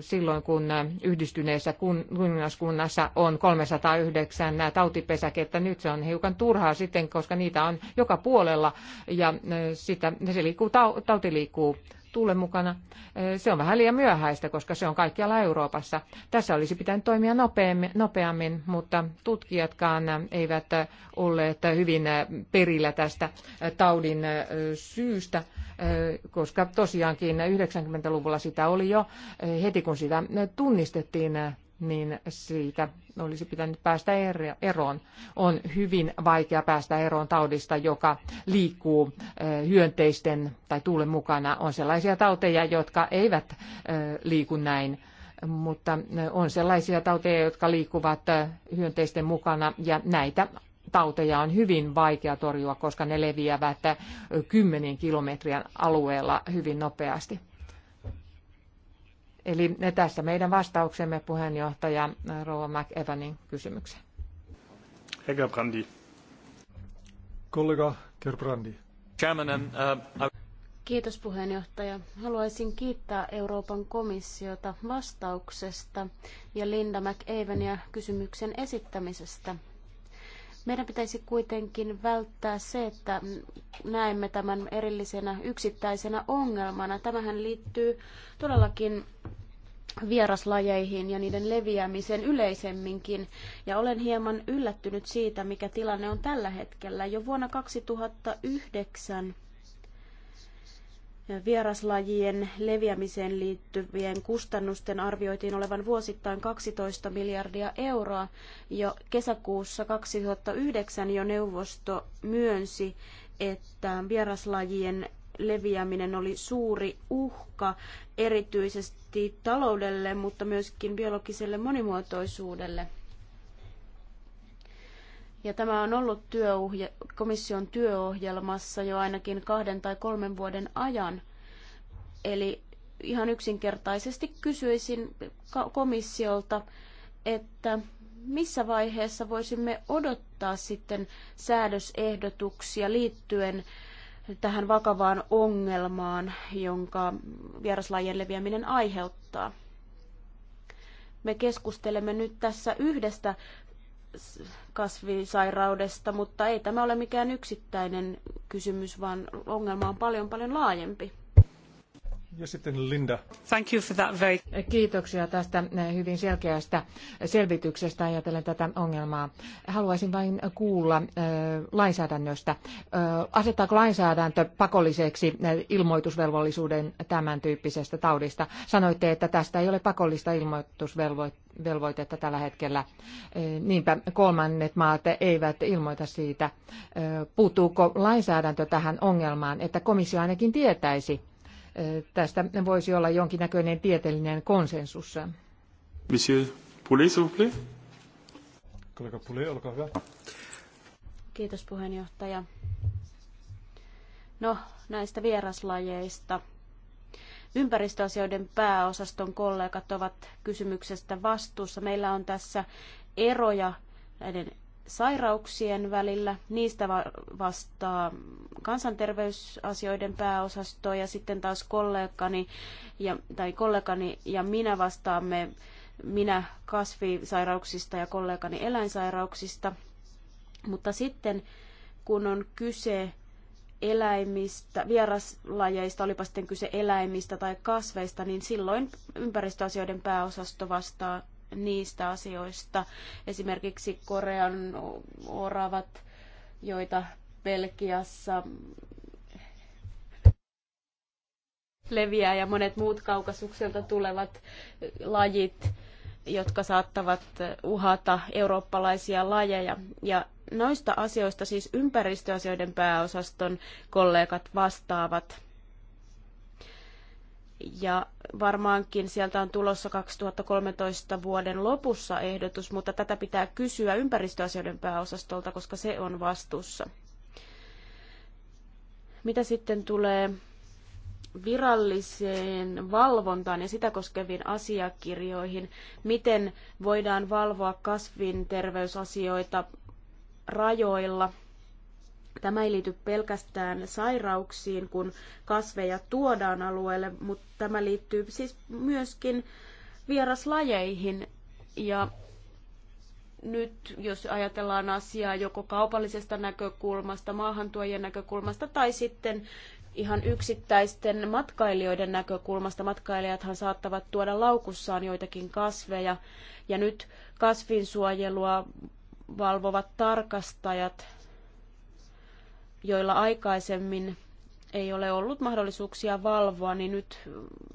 silloin, kun yhdistyneessä kuningaskunnassa on 309 tautipesäkettä. Nyt se on hiukan turhaa sitten, koska niitä on joka puolella ja äh, sitä, se liikkuu, tauti liikkuu tuulen mukana. Äh, se on vähän liian myöhäistä, koska se on kaikkialla Euroopassa. Tässä olisi pitänyt toimia nopeammin, mutta tutkijatkaan eivät olleet hyvin perillä tästä taudin äh, syystä koska tosiaankin 90-luvulla sitä oli jo heti kun sitä tunnistettiin niin siitä olisi pitänyt päästä eroon. On hyvin vaikea päästä eroon taudista, joka liikkuu hyönteisten tai tuulen mukana. On sellaisia tauteja, jotka eivät liiku näin, mutta on sellaisia tauteja, jotka liikkuvat hyönteisten mukana ja näitä tauteja on hyvin vaikea torjua, koska ne leviävät kymmenien kilometrien alueella hyvin nopeasti. Eli tässä meidän vastauksemme puheenjohtaja Rova McEvanin kysymykseen.
Herr Kollega Gerbrandi. Chairman, um,
uh, Kiitos puheenjohtaja. Haluaisin kiittää Euroopan komissiota vastauksesta ja Linda McEvania kysymyksen esittämisestä. Meidän pitäisi kuitenkin välttää se, että näemme tämän erillisenä yksittäisenä ongelmana. Tämähän liittyy todellakin vieraslajeihin ja niiden leviämiseen yleisemminkin. Ja olen hieman yllättynyt siitä, mikä tilanne on tällä hetkellä. Jo vuonna 2009 Vieraslajien leviämiseen liittyvien kustannusten arvioitiin olevan vuosittain 12 miljardia euroa ja kesäkuussa 2009 jo neuvosto myönsi, että vieraslajien leviäminen oli suuri uhka erityisesti taloudelle, mutta myöskin biologiselle monimuotoisuudelle. Ja tämä on ollut työohje- komission työohjelmassa jo ainakin kahden tai kolmen vuoden ajan. Eli ihan yksinkertaisesti kysyisin komissiolta, että missä vaiheessa voisimme odottaa sitten säädösehdotuksia liittyen tähän vakavaan ongelmaan, jonka vieraslajien leviäminen aiheuttaa. Me keskustelemme nyt tässä yhdestä kasvisairaudesta, mutta ei tämä ole mikään yksittäinen kysymys, vaan ongelma on paljon paljon laajempi.
Ja sitten Linda. Thank you for that very...
Kiitoksia tästä eh, hyvin selkeästä selvityksestä ajatellen tätä ongelmaa. Haluaisin vain kuulla eh, lainsäädännöstä. Eh, asettaako lainsäädäntö pakolliseksi ilmoitusvelvollisuuden tämän tyyppisestä taudista? Sanoitte, että tästä ei ole pakollista ilmoitusvelvoitetta tällä hetkellä. Niinpä kolmannet maat eivät ilmoita siitä. Puuttuuko lainsäädäntö tähän ongelmaan, että komissio ainakin tietäisi, tästä voisi olla jonkinnäköinen tieteellinen konsensus.
Monsieur Poulet, s'il vous plaît.
Kollega Poulet, olkaa hyvä.
Kiitos puheenjohtaja. No, näistä vieraslajeista. Ympäristöasioiden pääosaston kollegat ovat kysymyksestä vastuussa. Meillä on tässä eroja näiden sairauksien välillä. Niistä vastaa kansanterveysasioiden pääosasto ja sitten taas kollegani ja, tai kollegani ja minä vastaamme minä kasvisairauksista ja kollegani eläinsairauksista. Mutta sitten kun on kyse eläimistä, vieraslajeista, olipa sitten kyse eläimistä tai kasveista, niin silloin ympäristöasioiden pääosasto vastaa niistä asioista. Esimerkiksi Korean oravat, joita Belgiassa leviää ja monet muut kaukasukselta tulevat lajit, jotka saattavat uhata eurooppalaisia lajeja. Ja noista asioista siis ympäristöasioiden pääosaston kollegat vastaavat ja varmaankin sieltä on tulossa 2013 vuoden lopussa ehdotus, mutta tätä pitää kysyä ympäristöasioiden pääosastolta, koska se on vastuussa. Mitä sitten tulee viralliseen valvontaan ja sitä koskeviin asiakirjoihin, miten voidaan valvoa kasvinterveysasioita rajoilla – Tämä ei liity pelkästään sairauksiin, kun kasveja tuodaan alueelle, mutta tämä liittyy siis myöskin vieraslajeihin. Ja nyt, jos ajatellaan asiaa joko kaupallisesta näkökulmasta, maahantuojien näkökulmasta tai sitten ihan yksittäisten matkailijoiden näkökulmasta. Matkailijathan saattavat tuoda laukussaan joitakin kasveja ja nyt kasvinsuojelua valvovat tarkastajat joilla aikaisemmin ei ole ollut mahdollisuuksia valvoa, niin nyt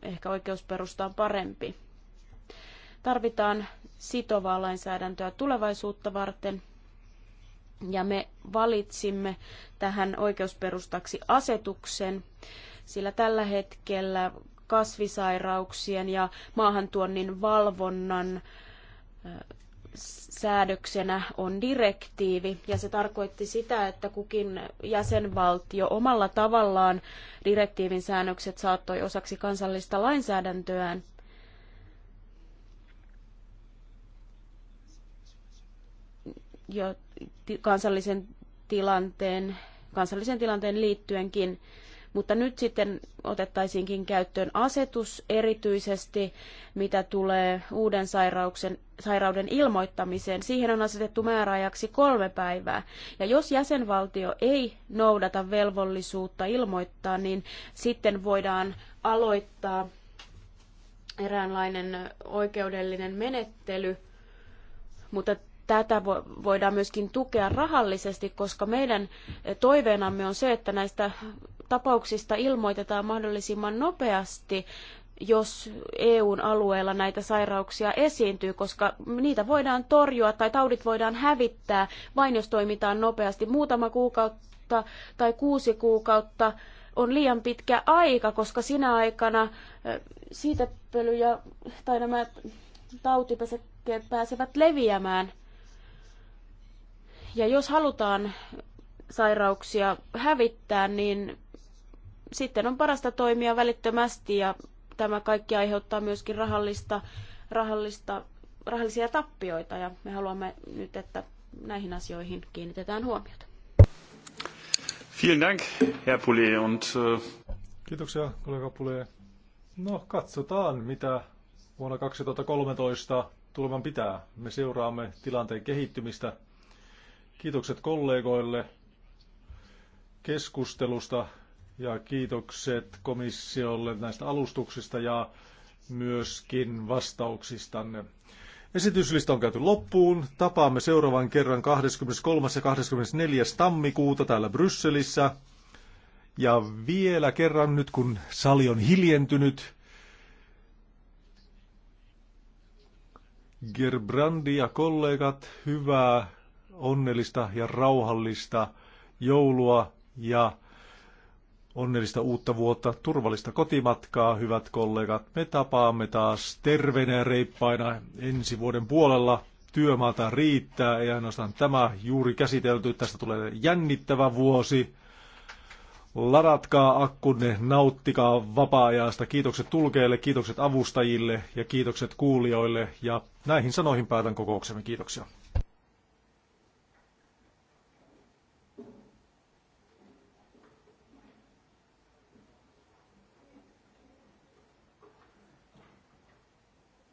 ehkä oikeusperusta on parempi. Tarvitaan sitovaa lainsäädäntöä tulevaisuutta varten, ja me valitsimme tähän oikeusperustaksi asetuksen, sillä tällä hetkellä kasvisairauksien ja maahantuonnin valvonnan säädöksenä on direktiivi, ja se tarkoitti sitä, että kukin jäsenvaltio omalla tavallaan direktiivin säännökset saattoi osaksi kansallista lainsäädäntöään. Jo kansallisen tilanteen, kansallisen tilanteen liittyenkin mutta nyt sitten otettaisiinkin käyttöön asetus erityisesti, mitä tulee uuden sairauksen, sairauden ilmoittamiseen. Siihen on asetettu määräajaksi kolme päivää. Ja jos jäsenvaltio ei noudata velvollisuutta ilmoittaa, niin sitten voidaan aloittaa eräänlainen oikeudellinen menettely, mutta tätä voidaan myöskin tukea rahallisesti, koska meidän toiveenamme on se, että näistä tapauksista ilmoitetaan mahdollisimman nopeasti, jos EUn alueella näitä sairauksia esiintyy, koska niitä voidaan torjua tai taudit voidaan hävittää vain jos toimitaan nopeasti. Muutama kuukautta tai kuusi kuukautta on liian pitkä aika, koska sinä aikana siitepöly ja, tai nämä tautipesäkkeet pääsevät leviämään. Ja jos halutaan sairauksia hävittää, niin sitten on parasta toimia välittömästi ja tämä kaikki aiheuttaa myöskin rahallista, rahallista, rahallisia tappioita ja me haluamme nyt, että näihin asioihin kiinnitetään huomiota.
Vielen Dank, Herr Pule, Und, äh,
Kiitoksia, kollega Pule. No, katsotaan, mitä vuonna 2013 tulevan pitää. Me seuraamme tilanteen kehittymistä. Kiitokset kollegoille keskustelusta ja kiitokset komissiolle näistä alustuksista ja myöskin vastauksistanne. Esityslista on käyty loppuun. Tapaamme seuraavan kerran 23. ja 24. tammikuuta täällä Brysselissä. Ja vielä kerran nyt, kun sali on hiljentynyt, Gerbrandi ja kollegat, hyvää, onnellista ja rauhallista joulua ja Onnellista uutta vuotta, turvallista kotimatkaa, hyvät kollegat. Me tapaamme taas terveenä ja reippaina ensi vuoden puolella. Työmaata riittää, ei ainoastaan tämä juuri käsitelty. Tästä tulee jännittävä vuosi. Ladatkaa akkunne, nauttikaa vapaa-ajasta. Kiitokset tulkeille, kiitokset avustajille ja kiitokset kuulijoille. Ja näihin sanoihin päätän kokouksemme. Kiitoksia.